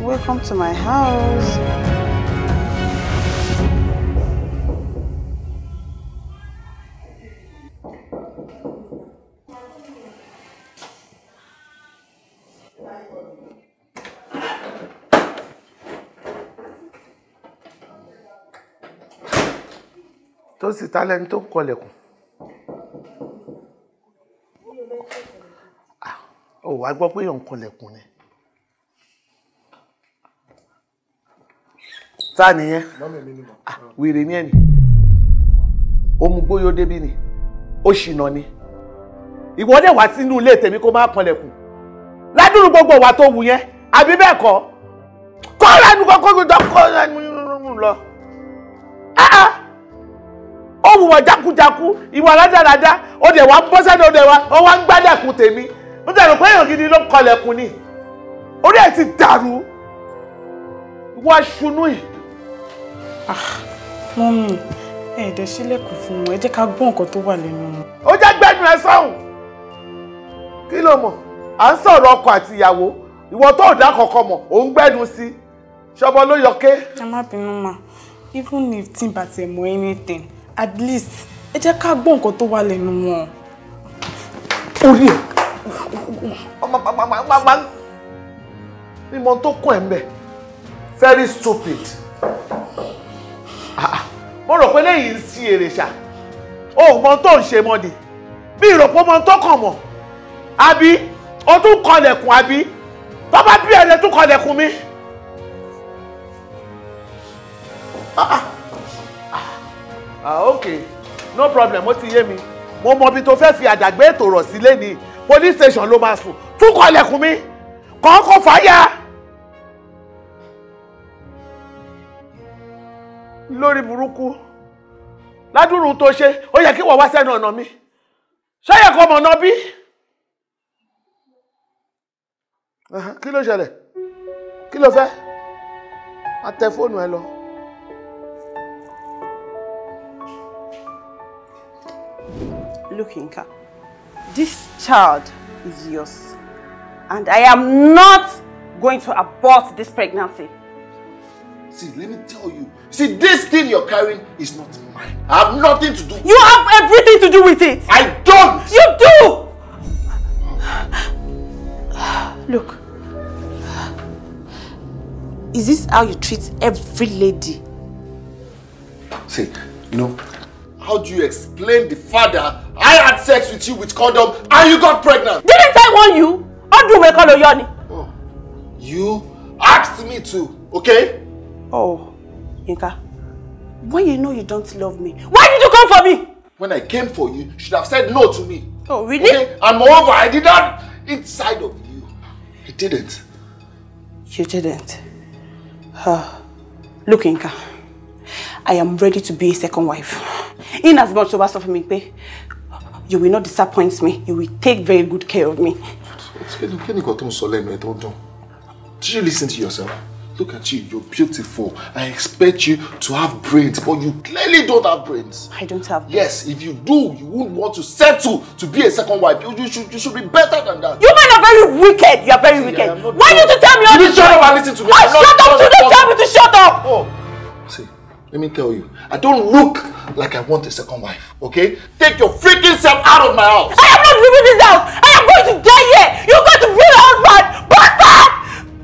Welcome to my house. sì ta lẹni tó ń kọlẹ̀kùn. ó wá gbọ́ pé yóò ń kọlẹ̀kùn ni. ta nìyẹn wèrè ní ẹ̀nì omugbóyó débí ni ó ṣìnà ni ìwọ dẹ̀ wá sínú ilé tèmi kó má kọlẹ̀kùn ládùúgbò gbogbo wa tó wù yẹn àbí bẹ́ẹ̀ kọ́ kọ́ ọ́ lẹ́nu kọ́kọ́ gbọ́dọ̀ kọ́ ọ́ lẹ́nu lọ ó wù wọ́n jákujáku ìwà rádaràdá ó dẹ̀ wá bọ́ sẹ́nu ó dẹ̀ wá ó wá ń gbálẹ̀kùn tèmi ó dẹ̀rù pé èèyàn gidi ló ń kọlẹ̀kùn ni orí ẹ̀ ti dàrú wá ṣunú ẹ̀. Ah, mọ́mí ẹ̀ ẹ̀dẹ̀ sílẹ̀kùn fún un ẹ jẹ́ ká gbọ́ nǹkan tó wà lẹ́nu wọn. ó jẹ́ gbẹ́nu ẹ sọ́hùn kí ló mọ̀ à ń sọ̀rọ̀ ọkọ àti ìyàwó ìwọ tó ò dá kọ̀ọ̀kan mọ̀ ò ń gbẹ́nu sí ṣọmọ ló yọ ké. ẹ má bínú ma even if tí n bá ti mọ anything at least ẹ jẹ́ ká gbọ́ nǹkan tó wà lẹ́nu wọn. orí ẹ ọmọ pàpàpàpàpà mímọ tó kọ ẹ mbẹ very stupid ah, ah. mo rò pé lẹ́yìn ń ṣe èrè ṣá o mọ tó ń ṣe mọ ni bí ìrọ̀pọ̀ mọ tó kàn mọ̀ àbí o tún kọlẹ̀kùn àbí bàbá bí ẹ̀rẹ̀ tún kọlẹ̀kùn mi. Ah ah ah okay, no problem ó ti yé mi mo mọ ibi tó fẹ́ fi àdàgbé ètò rọ̀ sílé ni police station ló máa sùn túkọ̀ ilẹ̀kùn mi kọ́ńkọ́ fàáyà. lórí burúkú ládùrú tó ṣe ó yẹ kí wọ́n wá sẹ́nu ọ̀nà mi ṣáyẹ̀ kọ́ ọmọ náà bí. kí ló ṣẹlẹ̀ kí ló fẹ́ a fóònù ẹ lọ. Look, Inka, this child is yours. And I am not going to abort this pregnancy. See, let me tell you. See, this thing you're carrying is not mine. I have nothing to do with You have everything to do with it. I don't. You do. Look. Is this how you treat every lady? See, you know, how do you explain the father? I had sex with you with condom and you got pregnant. Didn't I warn you? I do kọ́ ló yoni. Oh, you asked me to, okay? Oh, Yinka, when you know you don't love me, why did you come for me? When I came for you, you should have said no to me. Oh, really? Okay? And moreover, I did not inside of you. I didn't. You didn't. Ah, look, Inka, I am ready to be a second wife. in as much as bá sọ fún mi pé you will not disappoint me you will take very good care of me. kí ni nǹkan tó ń sọ lẹ́nu ẹ̀ tó ń dùn you listen to yourself look at you you're beautiful i expect you to have brains but you clearly don't have brains. i don't have brains. yes if you do you won't want to settle to be a second wife you, you should you should be better than that. you men are very wicked you are very See, wicked why you tell me all this. you need to shut up and listen to me. i shut up to dey tell me to shut up. Oh. Let me tell you, I don't look like I want a second wife, okay? Take your freaking self out of my house! I am not leaving this house! I am going to die here! You're going to be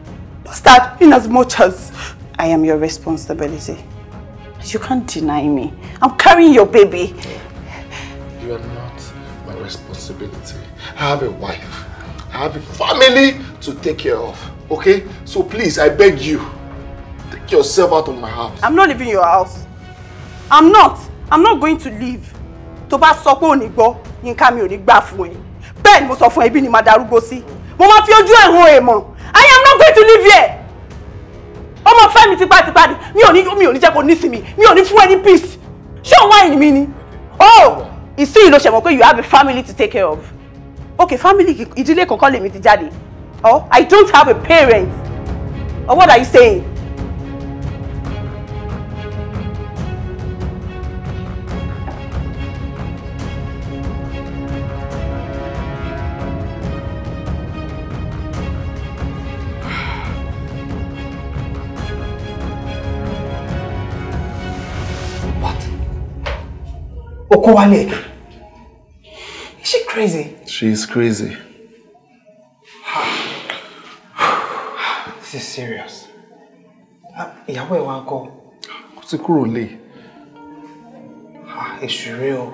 the husband! Bastard! Bastard, in as much as I am your responsibility, you can't deny me. I'm carrying your baby. You are not my responsibility. I have a wife. I have a family to take care of, okay? So please, I beg you, yourself out of my house. I'm not leaving your house. I'm not. I'm not going to leave. Tó bá sọ pé ò ní gbọ́, Yínká mi ò ní gbà fún ẹ. ni mo sọ fún ẹbí ni màá darúgbó sí. Mo ma fi oju ojú e mo. I am not going to leave here. Ọmọ Fẹ́mi tipátipá ni mi ò ní mi ò ní jẹ́ kó nísìmí mi ò oni fún ẹ peace. Ṣé why wáyé mi ni? Oh! Ìsìn ìlò ṣẹ̀mọ̀ pé you have a family to take care of. Okay, family ìdílé kankan mi ti jáde. Oh, I don't have a parent. Or oh, what are you saying? kó Is she crazy? She is crazy. This is serious. Ah, ìyàwó ẹ̀ wá ń kọ́. Ó ti kúrò lé. Èṣù rẹ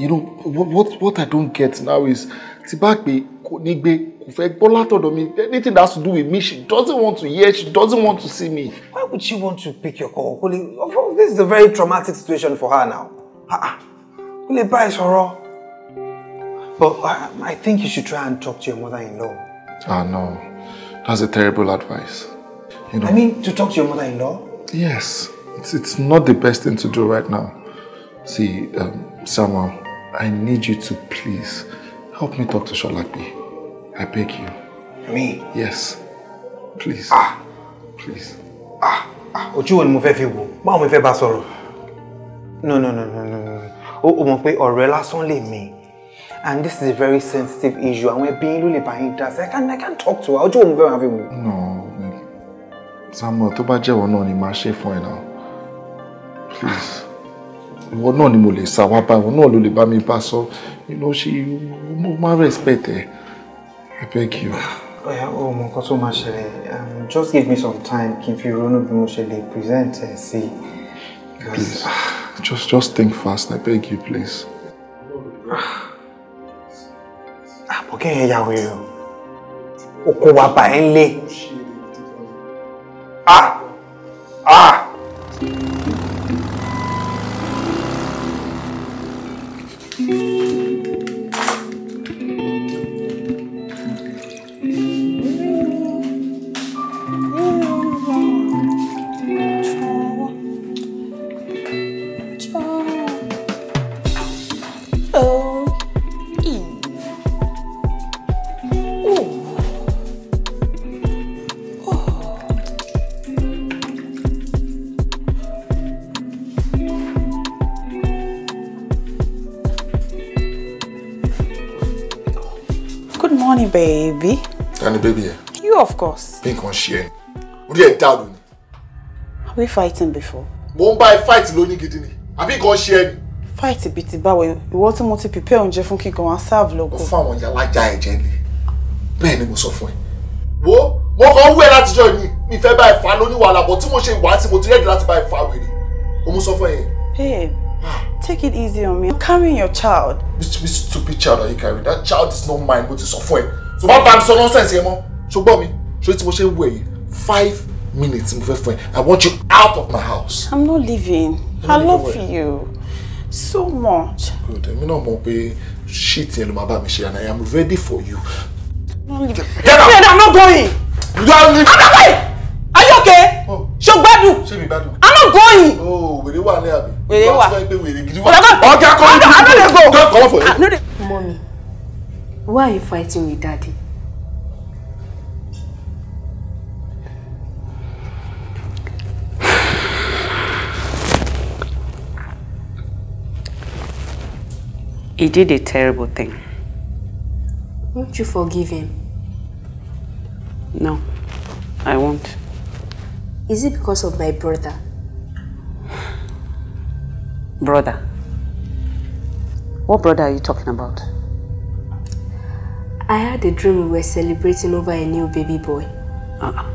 You know, what, what, I don't get now is, tí bá pé kò ní gbé kò fẹ́ gbọ́ anything that has to do with me she doesn't want to hear she doesn't want to see me. Why would she want to pick your call? This is a very traumatic situation for her now. Uh -uh. ó buy bá ẹ but I, I think you should try and talk to your mother-in-law. ah no that's a terrible advice. You know, I mean to talk to your mother-in-law. yes it's, it's not the best thing to do right now. see um, Samuel I need you to please help me talk to Sholabi. I beg you. Me? Yes. Please. Ah. Please. Ah. Ah. ojo you ni mo fẹ́ fi No, no, no, no, no. ó mọ̀ pé ọ̀rẹ́ lásán lè mi and this is a very sensitive issue àwọn ẹbí ló lè bá yín dá sí i can i can talk to her ojú òun fẹ́ràn àfihàn. no Samuel tó bá jẹ́wọ́ náà ni màá ṣe fún ẹ náà please ìwọ náà ni mo lè sá wá bá ìwọ náà ló lè bá mi bá sọ you know she mo máa respect ẹ i beg you. ọ̀yà o mọ nǹkan tó máa ṣẹlẹ̀ um, just give me some time kí n fi ronú bí mo ṣe lè present ẹ̀ sí. please. Ah, Just, just think fast. I beg you, please. Ah, yẹn yàwó yìí o. Oko wa bà Ah! Ah! kan ṣe ẹ orí ẹ dàrú ni. have we fighting before. mo ń bá ẹ fight lónìí gidi ni àbí nǹkan ṣe ẹ fight bíi ti báwo ìwọ tí mo ti prepare oúnjẹ fún kíkan wá serve lọgọ. mo fún àwọn ìyá alájà ẹ̀jẹ̀ ni bẹ́ẹ̀ ni mo sọ fún ẹ wo mo kàn ń wẹ̀ látijọ́ ni mi fẹ́ bá ẹ fà lóní wàhálà bọ̀ tí mo ṣe ìwà tí mo ti rẹ́ẹ̀dì láti bá ẹ fà wèrè o mo sọ fún ẹ yẹn. Ah. take it easy on me i'm carrying your child. which which stupid child are you carrying that child is not mine What is sọ fún so má bá mi sọ nonsense yẹn mọ́ ṣùgbọ́n me. So tí mo a ń five minutes mo fẹ́ I want you out of my house. I'm not leaving I love you so much. good èmi náà mọ̀ pé shit yẹn ló máa bá and I am ready for you. I'm not get out. I'm not going. you don't leave. I'm not going. are you okay. Oh. ṣo gbádùn. ṣé mi gbádùn. I'm not going. ooo oh, wèrè wà ní àbí. wèrè wà ọ̀gá kan ní go. ọ̀gá kan ní ìdílé. mọ́mi why are you fighting with daddy. He did a terrible thing. Won't you forgive him? No, I won't. Is it because of my brother? Brother? What brother are you talking about? I had a dream we were celebrating over a new baby boy. Uh-uh.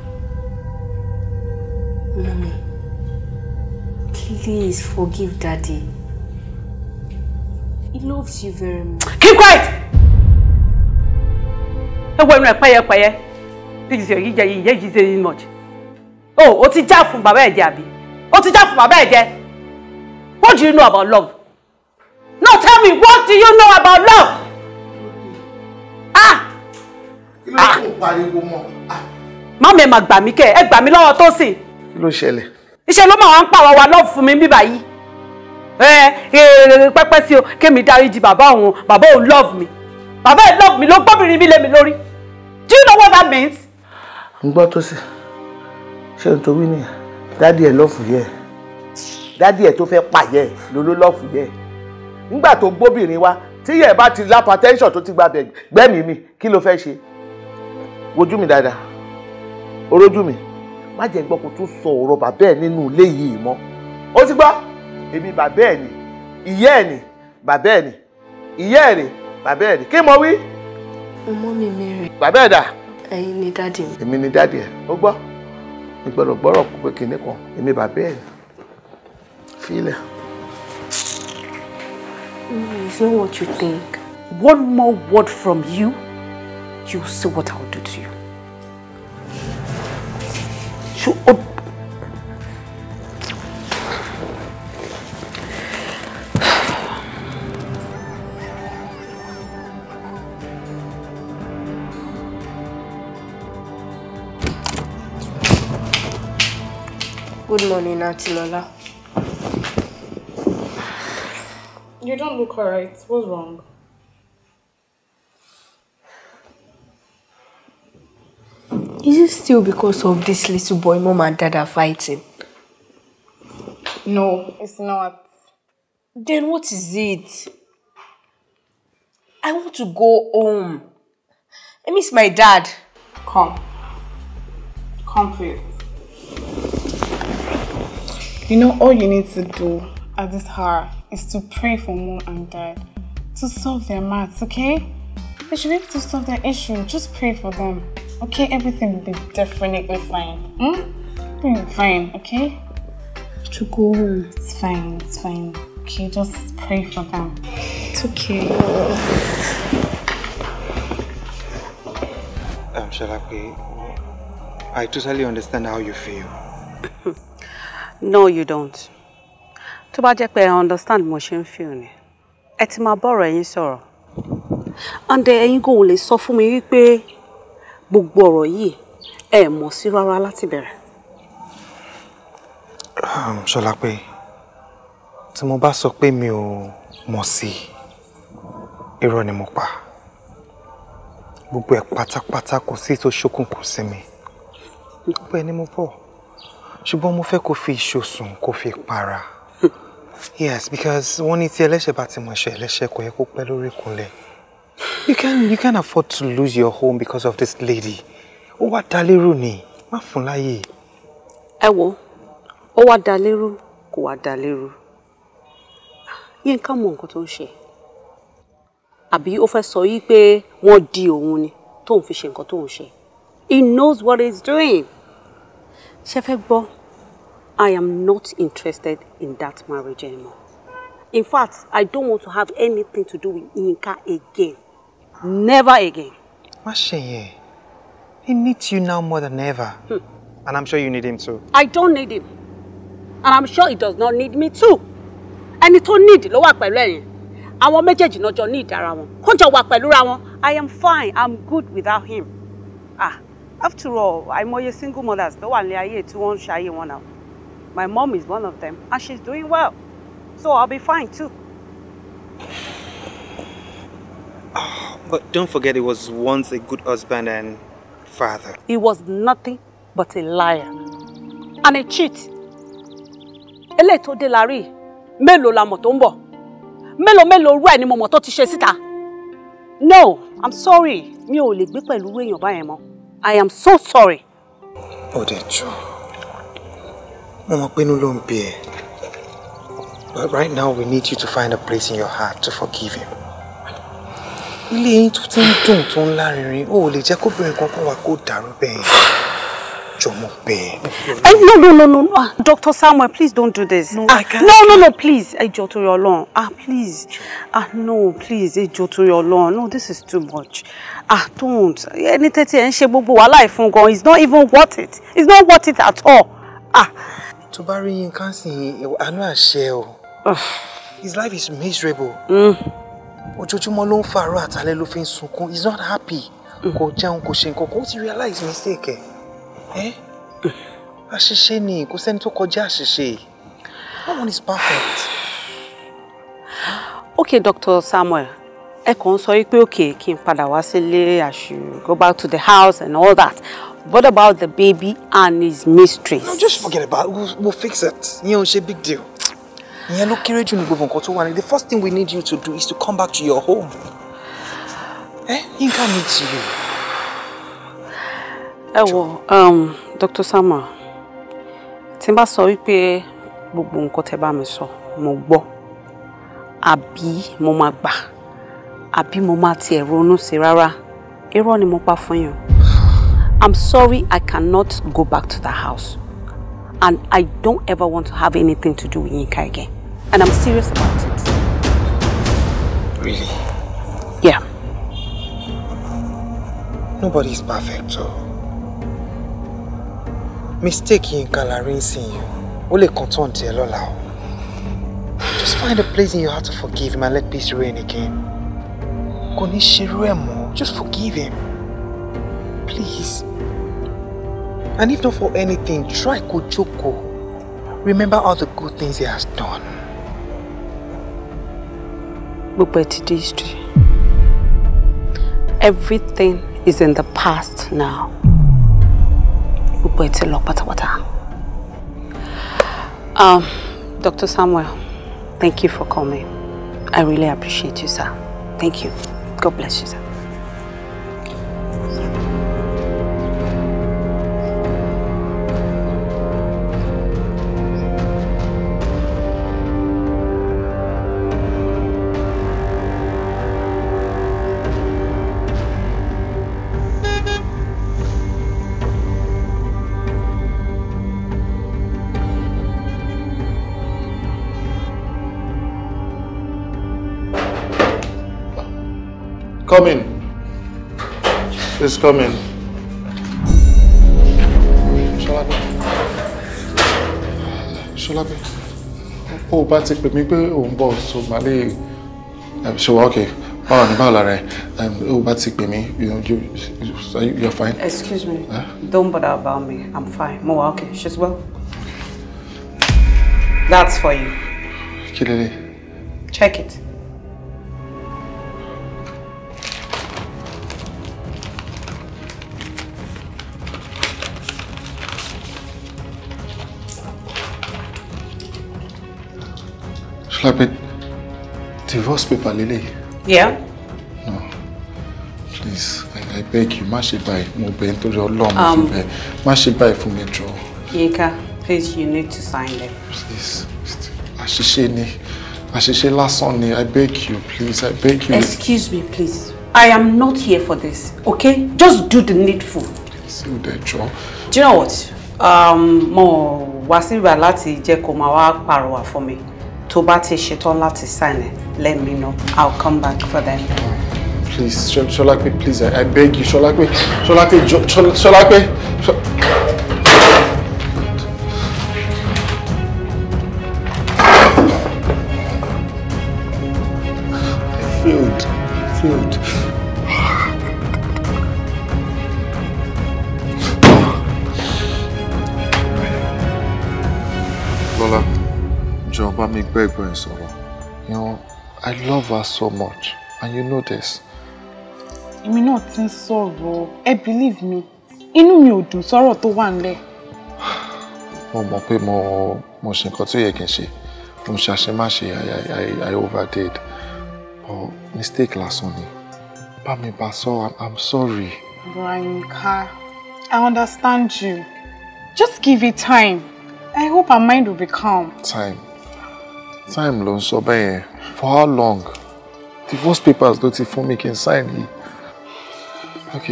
Mommy, please forgive daddy. loves you very much. Keep quiet! Ẹ wọ inú ẹ̀ pẹ́yẹpẹ́yẹ. Please yẹ yíyẹ yíyẹ yìí very much. Oh, o ti já fún bàbá ẹ̀ jẹ àbí? O ti já fún bàbá ẹ̀ What do you know about love? No, tell me, what do you know about love? Ah! Kí ló kò ah! pariwo mọ́? Mami ẹ̀ máa gbà mí kẹ́ ẹ gbà mí lọ́wọ́ tó sìn. Kí ló ṣẹlẹ̀? Iṣẹ́ ló máa wá ń pàwọ́ wa lọ́ọ̀fù mi bíbá yìí ẹ pẹ́pẹ́ sí o kémi dáríjì bàbá òun bàbá òun love me bàbá ẹ̀ love me ló gbọ́bìnrin mi lé mi lórí do you know what that means. n gbọ́ tó sì ṣé n tó wí nìyẹn dádì ẹ̀ lọ́ọ̀fù yẹ dádì ẹ̀ tó fẹ́ pààyẹ lóló lọ́ọ̀fù yẹ nígbà tó gbóbìnrin wa tíyẹ̀ bá ti lápá tẹ́ńsọ̀ tó ti gbàbẹ̀ gbẹ́mìí mi kí ló fẹ́ ṣe wojú mi dáadáa orójú mi má jẹ́ gbọ́ kó tún sọ ọ̀rọ̀ bàbá ẹ̀ nínú ilé yìí mọ́ ó ti gbọ́ èmi bàbá ẹ̀ ni ìyá ẹ̀ ni bàbá ẹ̀ ni ìyá ẹ̀ ni bàbá ẹ̀ ni kí mo wí. ọmọ mi mẹ́rin. bàbá ẹ̀ dà. ẹ̀yin ni dáàdì mi. èmi ni dáàdì ẹ̀ ó gbọ́ ìgbọ́dọ̀ gbọ́rọ̀ pé kìnìún kan èmi bàbá ẹ̀ ni fílẹ̀. Mm, it's not what you think. One more word from you, you'll see what I'll do to you. So, Good morning, Lola. You don't look alright. What's wrong? Is it still because of this little boy mom and dad are fighting? No, it's not. Then what is it? I want to go home. I miss my dad. Come. Come, please. You know, all you need to do at this hour is to pray for mom and dad to solve their maths, okay? They should be able to solve their issue. Just pray for them, okay? Everything will be definitely fine. Hmm? Be fine, okay? Chukwu. It's fine, it's fine. Okay, just pray for them. It's okay. Um, Sharapi, I totally understand how you feel. no you don't tó bá jẹ́ pé understand motion ṣe ń fi òní ẹ and eh, ẹ̀yin kò lè sọ fún mi wípé gbogbo ọ̀rọ̀ yìí ẹ mọ̀ sí rárá láti bẹ̀rẹ̀. Um, ṣọlá pé tí mo bá sọ pé mi ò mọ̀ patak i irọ́ ni mo pa gbogbo ẹ̀ pátápátá kò sí tó ṣókùnkùn ṣùgbọ́n mo fẹ́ kó fi ìṣòsùn kó fi para yes because wọ́n ní tí ẹlẹ́ṣẹ̀ bá ti mọ̀ ẹ̀ṣẹ̀ ẹlẹ́ṣẹ̀ kò yẹ kó pẹ́ lórí ìkúnlẹ̀ you can you can afford to lose your home because of this lady ó wá da lérò ni má fún láyè. ẹ wo ó wá da lérò kò wá da lérò Yínká mọ nǹkan tó ń ṣe àbí ó fẹ́ sọ yìí pé wọ́n di òun ni tóun fi ṣe nǹkan tóun ṣe he knows what he's doing ṣe fẹ́ gbọ́ I am not interested in that marriage anymore. In fact, I don't want to have anything to do with Yinka again. Never again. Masheye, he needs you now more than ever. Hmm. And I'm sure you need him too. I don't need him. And I'm sure he does not need me too. And it tó need Lo wà pẹ̀lú ẹ̀yin. Àwọn mejeji náà jo need ara wọn. Kó jọ wà pẹ̀lú ra wọn. I am fine. I'm good without him. Ah, after all, I'm àìmọye single mothers ló wà ní ayé to one ń one now. My mom is one of them, and she's doing well. So I'll be fine too. But don't forget, he was once a good husband and father. He was nothing but a liar and a cheat. Eléyìí tó dé la rí, la mọ̀ tó ń ru Mélòó mélòó rú mo mọ̀ ti ṣe síta? No, I'm sorry. Mi le lè gbé pẹ̀lú èèyàn báyẹn mọ́. I am so sorry. Odejo. dẹ̀ mo mọ̀ pé inú But right now we need you to find a place in your heart to forgive him. Ilé yín tó ti ń dùn tó ń o le lè jẹ́ kóbìnrin kankan wà kó dàrú bẹ́ẹ̀. Jọmọ bẹ́ẹ̀. No no no no no ah Dr Samuel please don't do this. No ah, I can't. No no no please ẹ jọ̀ọ́ your lawn. ah please ah no please ẹ jọ̀ọ́ your lawn. no this is too much ah don't ẹni tẹ́tí ẹ̀ ń ṣe gbogbo wàhálà ìfún gan it's not even worth it it's not worth it at all ah tó bá rí yín kánsì àánú àṣẹ o ah. his life is miserable mm. ojoojúmọ́ ló ń fàárọ̀ àtàlẹ́ ló fi ń sunkún he is not happy mm. kò jẹun kò ṣe nǹkan kò ti realize mistake ẹ eh? mm. àṣìṣe ni kò sẹ́ni tó kọjá àṣìṣe no one is perfect. okay Dr. Samuel ẹ kàn ń sọ wípé òkè kí n padà wá sílé I go back to the house and all that What about the baby and his mistress? No, just forget about it. We'll, we'll fix it. Ìyẹn ò a big deal. Ìyẹn ló kéré jù The first thing we need you to do is to come back to your home. Eh? Yinka needs you. Ẹ wo, um, Dr. Sama, tí n bá sọ wípé gbogbo nǹkan tẹ bá mi sọ, mo gbọ́, àbí mo máa gbà, àbí mo máa tiẹ̀ ronú sí I'm sorry I cannot go back to the house. And I don't ever want to have anything to do with Yinka again. And I'm serious about it. Really? Yeah. Nobody's perfect, so... Mistake Yinka Larinsin you. Only Kontonti Lola. Just find a place in your heart to forgive him and let peace reign again. Konishiruemo, just forgive him. Please. And if not for anything, try Kojoko. Remember all the good things he has done. Gbogbo ẹ ti Everything is in the past now. Gbogbo ẹ ti lọ pátápátá. Um, Dr. Samuel, thank you for coming. I really appreciate you, sir. Thank you. God bless you, sir. Come in. Please come in. Ṣọlábí. Ṣọlábí. Ó bá ti pè mí pé òun bọ̀ so um, okay. Oh, ṣe wá okay. Oh, ni báwo Me, um, you know, ti pe mí, you're fine. Excuse me, huh? don't bother about me, I'm fine. Mo okay, she's well. That's for you. Kí Check it. Clapping. Divorce paper, Lily. Yeah? No. Please, I, I beg you, má ṣe báyìí. Mo bẹ̀ your nítorí Ọlọ́run mo fi um, bẹ̀ ẹ́. draw. ṣe Yinka, please, you need to sign them. Please. Àṣìṣe ni. Àṣìṣe lásán ni. I beg you, please. I beg you. Excuse me, please. I am not here for this, okay? Just do the needful. Please, you there, Joe. Do you know what? Um, mo wasi síbí jekomawa jẹ́ kó máa tó bá ti ṣetán láti sign it let me know i'll come back for them. please Ṣọlápé please i, beg you Ṣọlápé Ṣọlápé Ṣọlápé. mi gbọ́ ẹ̀gbọ́n ẹ̀ sọ̀rọ̀ you know I love her so much and you know this. èmi náà ti ń sọ̀rọ̀ ẹ believe me inú mi ò dùn sọ̀rọ̀ tó wà ńlẹ̀. mo mọ̀ pé mo mo ṣe nǹkan tó yẹ kí n ṣe mo ṣe àṣemáṣe I I overdid but mistake lásán ni bá mi bá sọ I'm sorry. Branka I understand you just give it time I hope her mind will be calm. time time ló ń sọ bẹ́ẹ̀ yẹn for how long divorce papers ló ti fún mi kí n sign yìí ok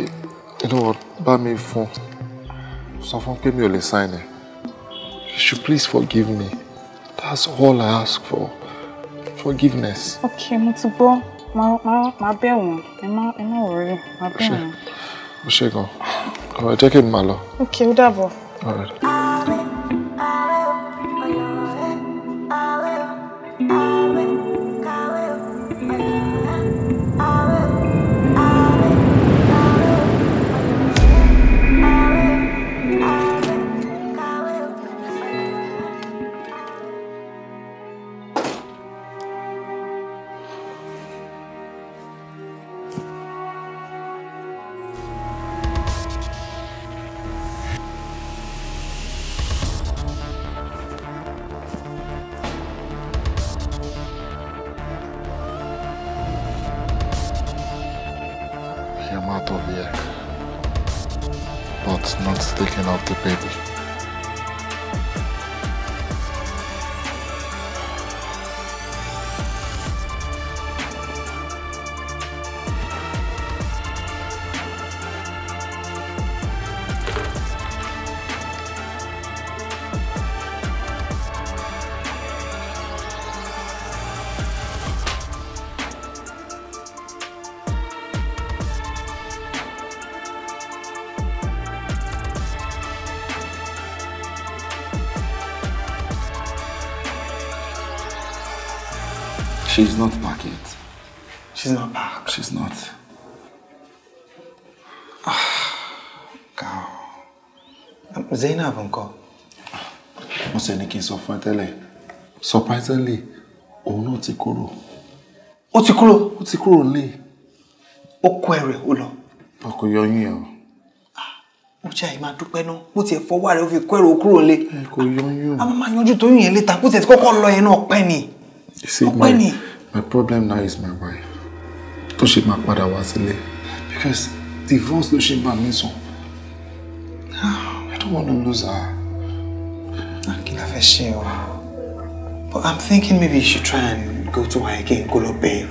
you know what bá mi fún sọ fún pé mi ò lè sign ẹ you should please forgive me that's all i ask for forgiveness. ok mo ti gbọ́ máa bẹ̀ wọ́n ẹ má ẹ má wọ̀rí máa bẹ̀ wọ́n. o ṣe gan ọ̀rọ̀ jẹ́ kí n máa lọ. ok ó dàbọ̀. all right. Zainab ńkọ́. mo sì ní kí n sọ fún ẹ tẹ́lẹ̀ surprisingly òun náà ti kúrò. ó ti kúrò. ó ti kúrò nílé. ó kó ẹrù ó lọ. ọkọ̀ yọyún ẹ̀ o ah, mo ṣe àìmá dúpẹ́ náà mo tiẹ̀ fọwọ́ rẹ̀ ó fi kó ẹ̀rọ kúrò lé. kò yọyún. a máa ma yanjú tó yìnyín léta kó tiẹ̀ kọ́kọ́ lọ yẹn náà ọpẹ́ ni. ọpẹ́ ni. my problem now is my wife tó ṣe máa padà wá sílé because divorce ló ṣe bá mi sùn don't want to lose her. Kí la fẹ́ ṣe o? But I'm thinking maybe you should try and go to her again, kó lọ bẹ̀.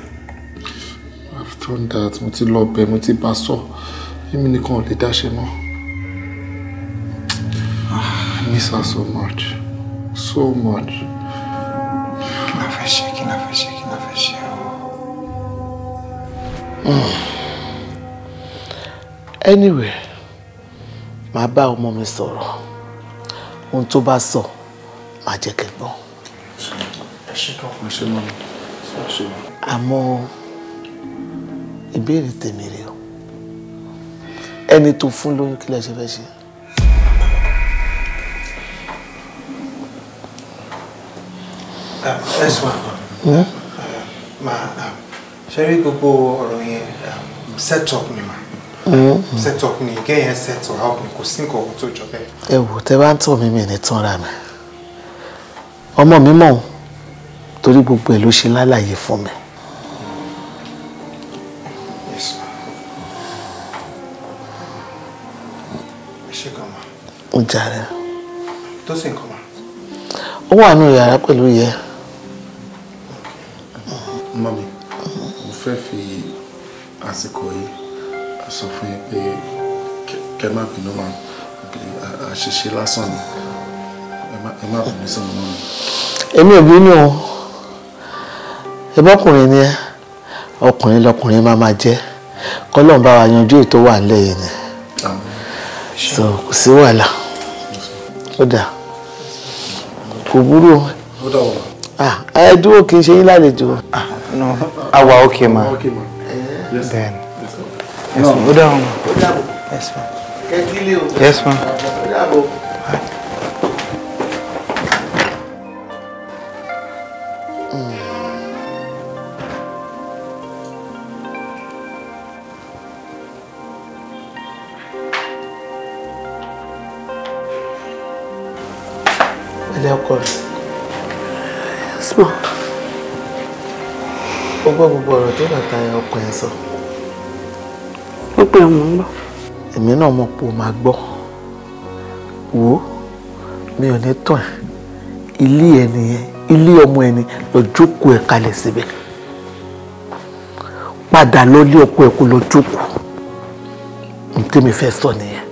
I've done that. Mo ti lọ bẹ̀, mo ti bá sọ. Èmi nìkan ò ah, I miss her so much. So much. Kí la fẹ́ ṣe? Kí la fẹ́ ṣe? Kí la fẹ́ ṣe o? Ah. Anyway màá bá ọmọ mi sọ̀rọ̀ ohun tó bá sọ màá jẹ́ kẹ́ gbọ́. àmọ́ ìbéèrè tèmi rèé o ẹni tó fún lóyún kí lẹ ṣe fẹ́ ṣe. ẹ sọ ma ṣe rí gbogbo ọ̀rọ̀ yẹn um, set up mi ma. Mm. set up ni ìgẹ́ yẹn set up ni kò sí nǹkan ohun tó jọ bẹ́ẹ̀. ẹ wò tẹ bá ń tàn mí mi ní tanra mi ọmọ mi mọ̀ torí gbogbo ẹ̀ ló ṣe lálàyé fún mi. ó jàre. tó sì ń kọ́ ma. ó wà nínú yàrá pẹ̀lú yẹ. mọ́mi mo fẹ́ fi àsìkò yìí sọ fún yín pé kẹ má bínú máa àṣìṣe lásán ni ẹ má bínú sí mi náà. èmi ò bínú o ìbọ́kùnrin ni ọkùnrin lọkùnrin máa máa jẹ́ kọ́lọ́n bá wa yanjú ètò wà nílẹ̀ yìí ni so kò sí wàhálà ó dà kò burú o ẹ dúró kì í ṣe yín lálejò. Ah, àwa ókè mà bẹ́ẹ̀ ni. Yes, no. Ó dáhùn. Ó dàbọ̀. Yes, ma'am. Kẹ́kílé o. Yes, ma'am. Ó dàbọ̀. ó gbọ́ gbogbo ọ̀rọ̀ tó bàtà ọkọ ẹ̀ sọ. So. gbogbo ẹ̀ mò ń gbọ́. èmi náà mọ̀ pé o máa gbọ́ wo mi ò ní tàn ilé ẹni yẹn ilé ọmọ ẹni lọ jókòó ẹ̀ kalẹ̀ síbẹ̀ padà lọ lé ọkọ ẹ̀ kó lọ jókòó ní tèmi fẹ́ sọ nìyẹn.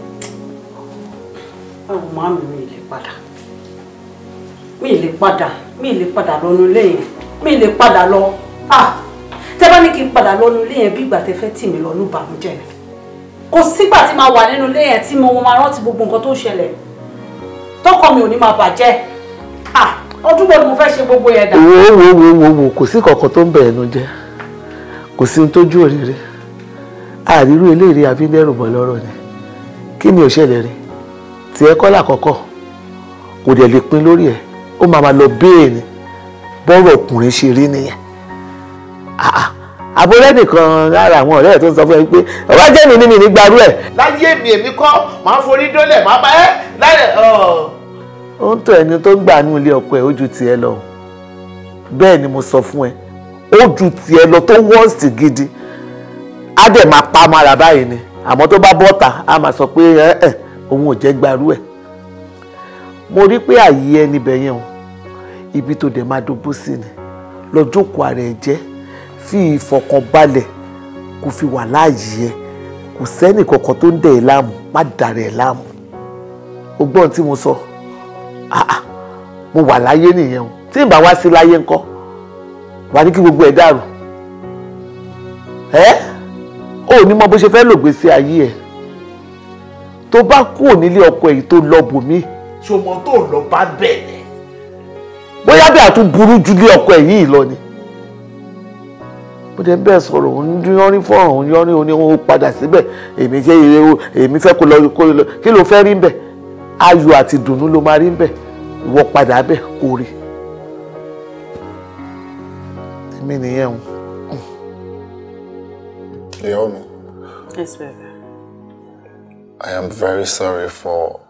ẹ wò má mi mi lè padà mi lè padà mi lè padà lọ́nu lẹ́yìn mi lè padà lọ ah tẹ bá ní kí n padà lọ́nu ilé yẹn bí ìgbà tẹ fẹ́ tì mí lọ́nu ìbànújẹ́ ni kò sígbà tí máa wà nínú ilé yẹn tí mo máa rántí gbogbo nǹkan tó ṣẹlẹ̀ tọkọ mi ò ní máa bàjẹ́ ọdún wo ni mo fẹ́ ṣe gbogbo yẹn dà. wo wo wo wo wo kò sí kankan tó ń bẹ̀ ẹnu jẹ́ kò sí tójú òrèrè àrírú eléèrè àfidẹ́rùbọ̀ lọ́rọ̀ ni kí ni òṣèlè rẹ̀ tí ẹ kọ́ làkọ́kọ́ kò dẹ̀ lè pin lórí ẹ̀ ó máa máa lọ bẹ́ẹ̀ ni bọ́rọ̀ ọkùnrin ṣe rí nìyẹn àbúrẹ́ nìkan lára àwọn ọ̀rẹ́ ẹ̀ tó ń sọ fún ẹ pé ọba jẹ́ mi ní mi ní gbarú ẹ̀. láyé mi èmi kọ́ màá forí dólẹ̀ màá bá ẹ́ láyé. ó ń tọ́ ẹni tó ń gbà ní ilé ọkọ ẹ̀ ó ju tiẹ̀ lọ bẹ́ẹ̀ ni mo sọ fún ẹ ó ju tiẹ̀ lọ tó wọ́ọ̀sì gidi á dẹ̀ máa pa mara báyìí ni àmọ́ tó bá bọ́ta á máa sọ pé ẹ òun ò jẹ́ gbarú ẹ̀ mo rí pé àyè ẹni bẹ̀yẹn o ibi tó dẹ̀ máa dogbo sí ni lọ́jọ́ kó ara ẹ̀ jẹ́ fi ìfọkànbalẹ̀ kó fi wà láàyè ẹ kò sẹ́nì kankan tó ń dẹ̀ ẹ́ láàmú má dàrẹ̀ ẹ́ láàmú o gbọ́n tí mo sọ àà mo wà láyé nìyẹn o tí n bá wá sí láyé ńkọ́ wà ní kí gbogbo ẹ̀ dàrú ẹ́ o ò ní mọ bó ṣe fẹ́ lògbé sí ayé ẹ̀ tó bá kú ò nílé ọkọ èyí tó lọ bò mí. ṣọmọ tó lọ bá bẹ̀rẹ̀. bóyá bí a tún burú ju ilé ọkọ ẹ̀ yìí lọ ni mo dẹ̀ ń sọ̀rọ̀ òun yọrin fọ̀rọ̀ òun yọrin òun ni òun padà síbẹ̀ èmi jẹ́ ire o èmi fẹ́ kó lọ kó lọ kí ló fẹ́ rí bẹ̀ ayọ̀ àti dùnnú ló máa rí bẹ̀ ìwọ padà bẹ̀ kó rí èmi nìyẹn o. ìyàwó mi. I am very sorry for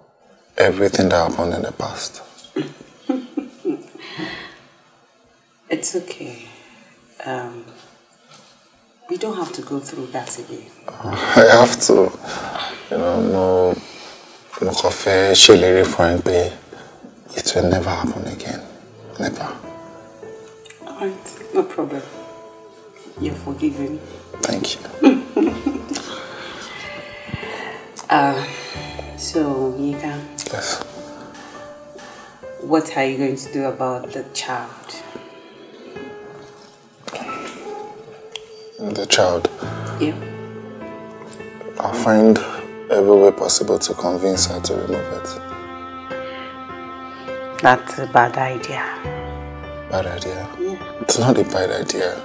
everything that happened in the past. It's okay. Um, We don't have to go through that again. I have to. You know, no, no coffee, shilleri Frankly, It will never happen again. Never. Alright, no problem. You're forgiven. Thank you. uh, so, Yika. Yes. What are you going to do about the child? the child. Yeah. I'll find every way possible to convince her to remove it. That's a bad idea. Bad idea? Yeah. It's not a bad idea.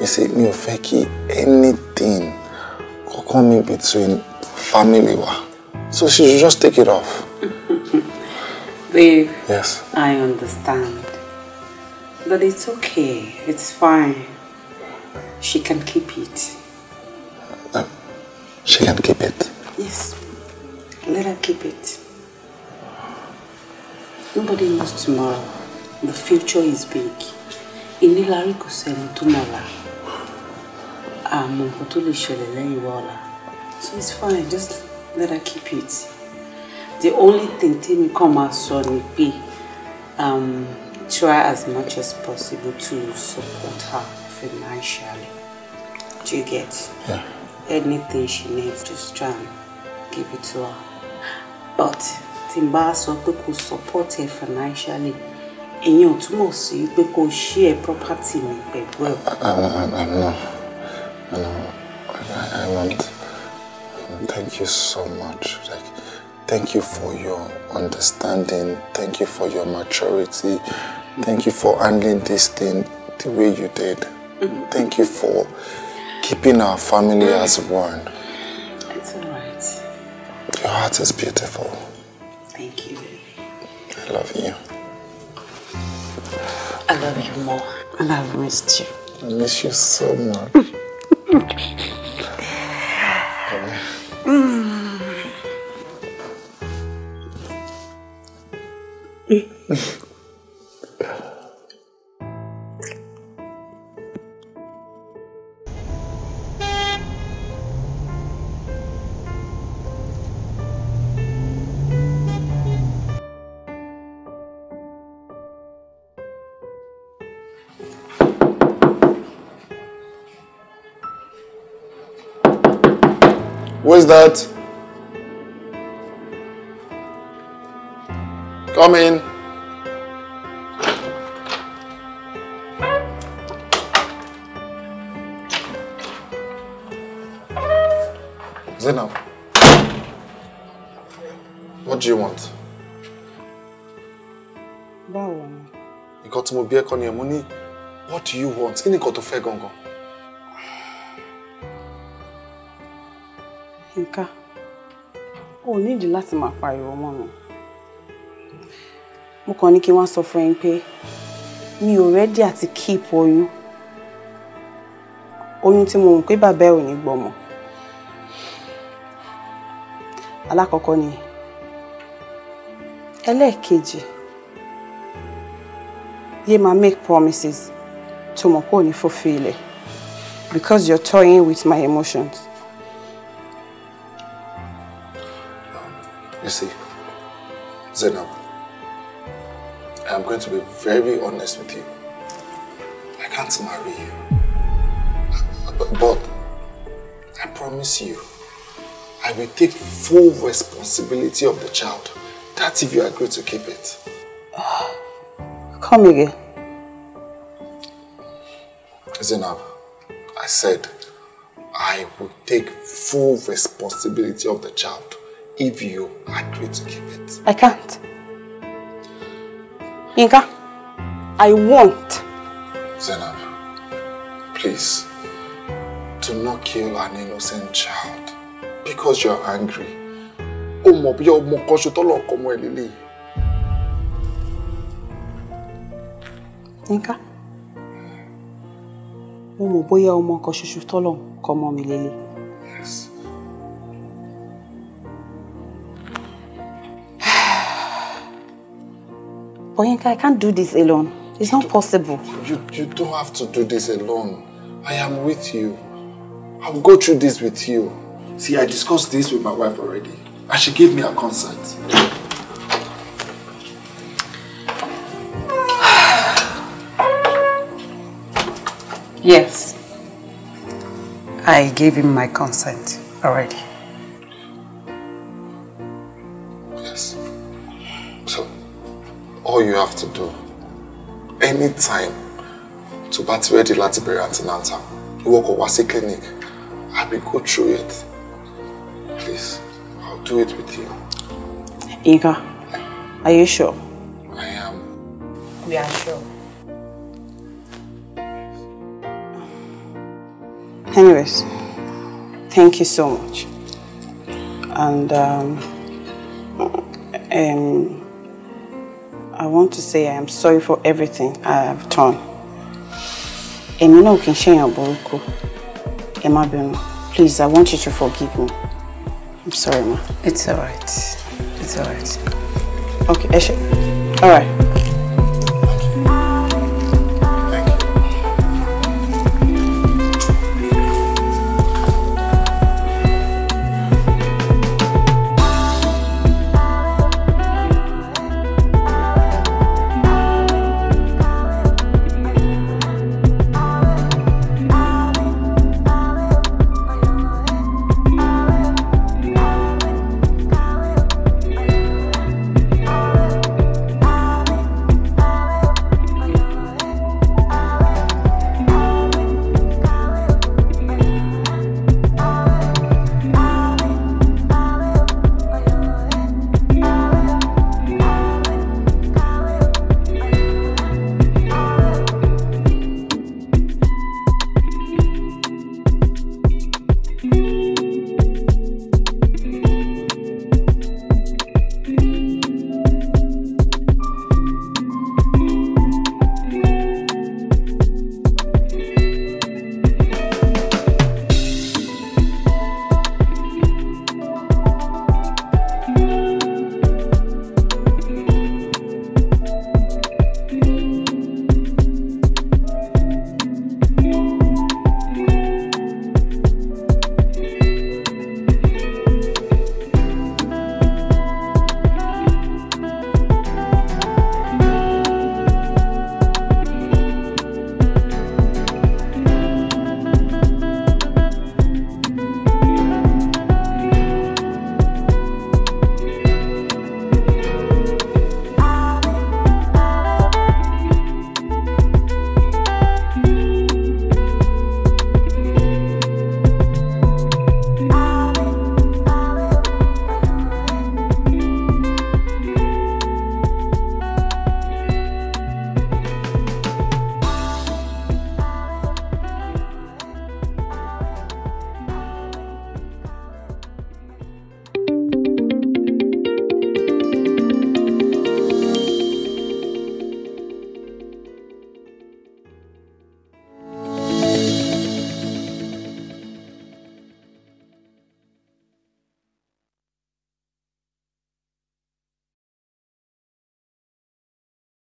You see, mi ò anything could come in between family war, So she should just take it off. Babe. Yes. I understand. But it's okay. It's fine. She can keep it. Um, she can keep it? Yes. Let her keep it. Nobody knows tomorrow. The future is big. Ìnílárí kò sẹ́ni tó mọ̀la. Àmọ́ So it's fine, just let her keep it. The only thing Tèmi come máa will be pé um, try as much as possible to support her financially. Do you get? Yeah. Anything she needs, just try and give it to her. But Timba, sọ pé could support her financially, ìyẹn ò túmọ̀ sí pé kò share property mi pẹ̀lú ẹ̀. I'm not. know. I want. Thank you so much. Like, thank you for your understanding. Thank you for your maturity. Thank you for handling this thing the way you did. Thank you for keeping our family as one. It's all right. Your heart is beautiful. Thank you, baby. I love you. I love you more. And I've missed you. I miss you so much. Mm. that? Come in. Zainab, what do you want? Báwo ni? Nǹkan tí mo bí ẹ kọ́ ni what do you want? Kí ni to tó fẹ́ gangan? nǹka ò nídìí láti máa pariwo mọ́ mi mo kàn ní kí wọ́n sọ fún yín pé mi ò rẹ́dí àti keep oyún oyún tí mo mọ̀ pé bàbá ẹ̀ ò ní gbọ́mọ alákọ̀ọ́kọ́ ni ẹlẹ́ẹ̀kejì yé máa make promises tó mọ̀ pé ò ní fulfill ẹ̀ because you're toying with my emotions. You see, Zainab, I am going to be very honest with you. I can't marry you. But I promise you, I will take full responsibility of the child. That's if you agree to keep it. Come again. Zainab, I said I will take full responsibility of the child. if you agree to keep it. I can't. Inka, I won't. Zainab, please, do not kill an innocent child because you're angry. Ó mọ̀ bí ọmọ kan ṣe tọ́lọ̀ ọkọ ọmọ ẹ̀ lélẹ̀. Inka, mo mọ̀ bóyá ọmọ kan ṣoṣo tọ́lọ̀ mi lélẹ̀. Yes. Boyinka, I can't do this alone. It's not possible. You, you don't have to do this alone. I am with you. I'll go through this with you. See, I discussed this with my wife already. And she gave me her consent. yes. I gave him my consent already. all you have to do, anytime, tó bá ti ready láti bẹ̀rẹ̀ antenatal, walk over to the clinic, I will go through it. Please, I'll do it with you. Inka, are you sure? I am. We are sure. Anyways, thank you so much. And um, um, I want to say I am sorry for everything I have done. Èmi náà kì í ṣèyàn burúkú. Please, I want you to forgive me. I'm sorry, ma. It's alright. It's alright. Okay, Eshe. Alright.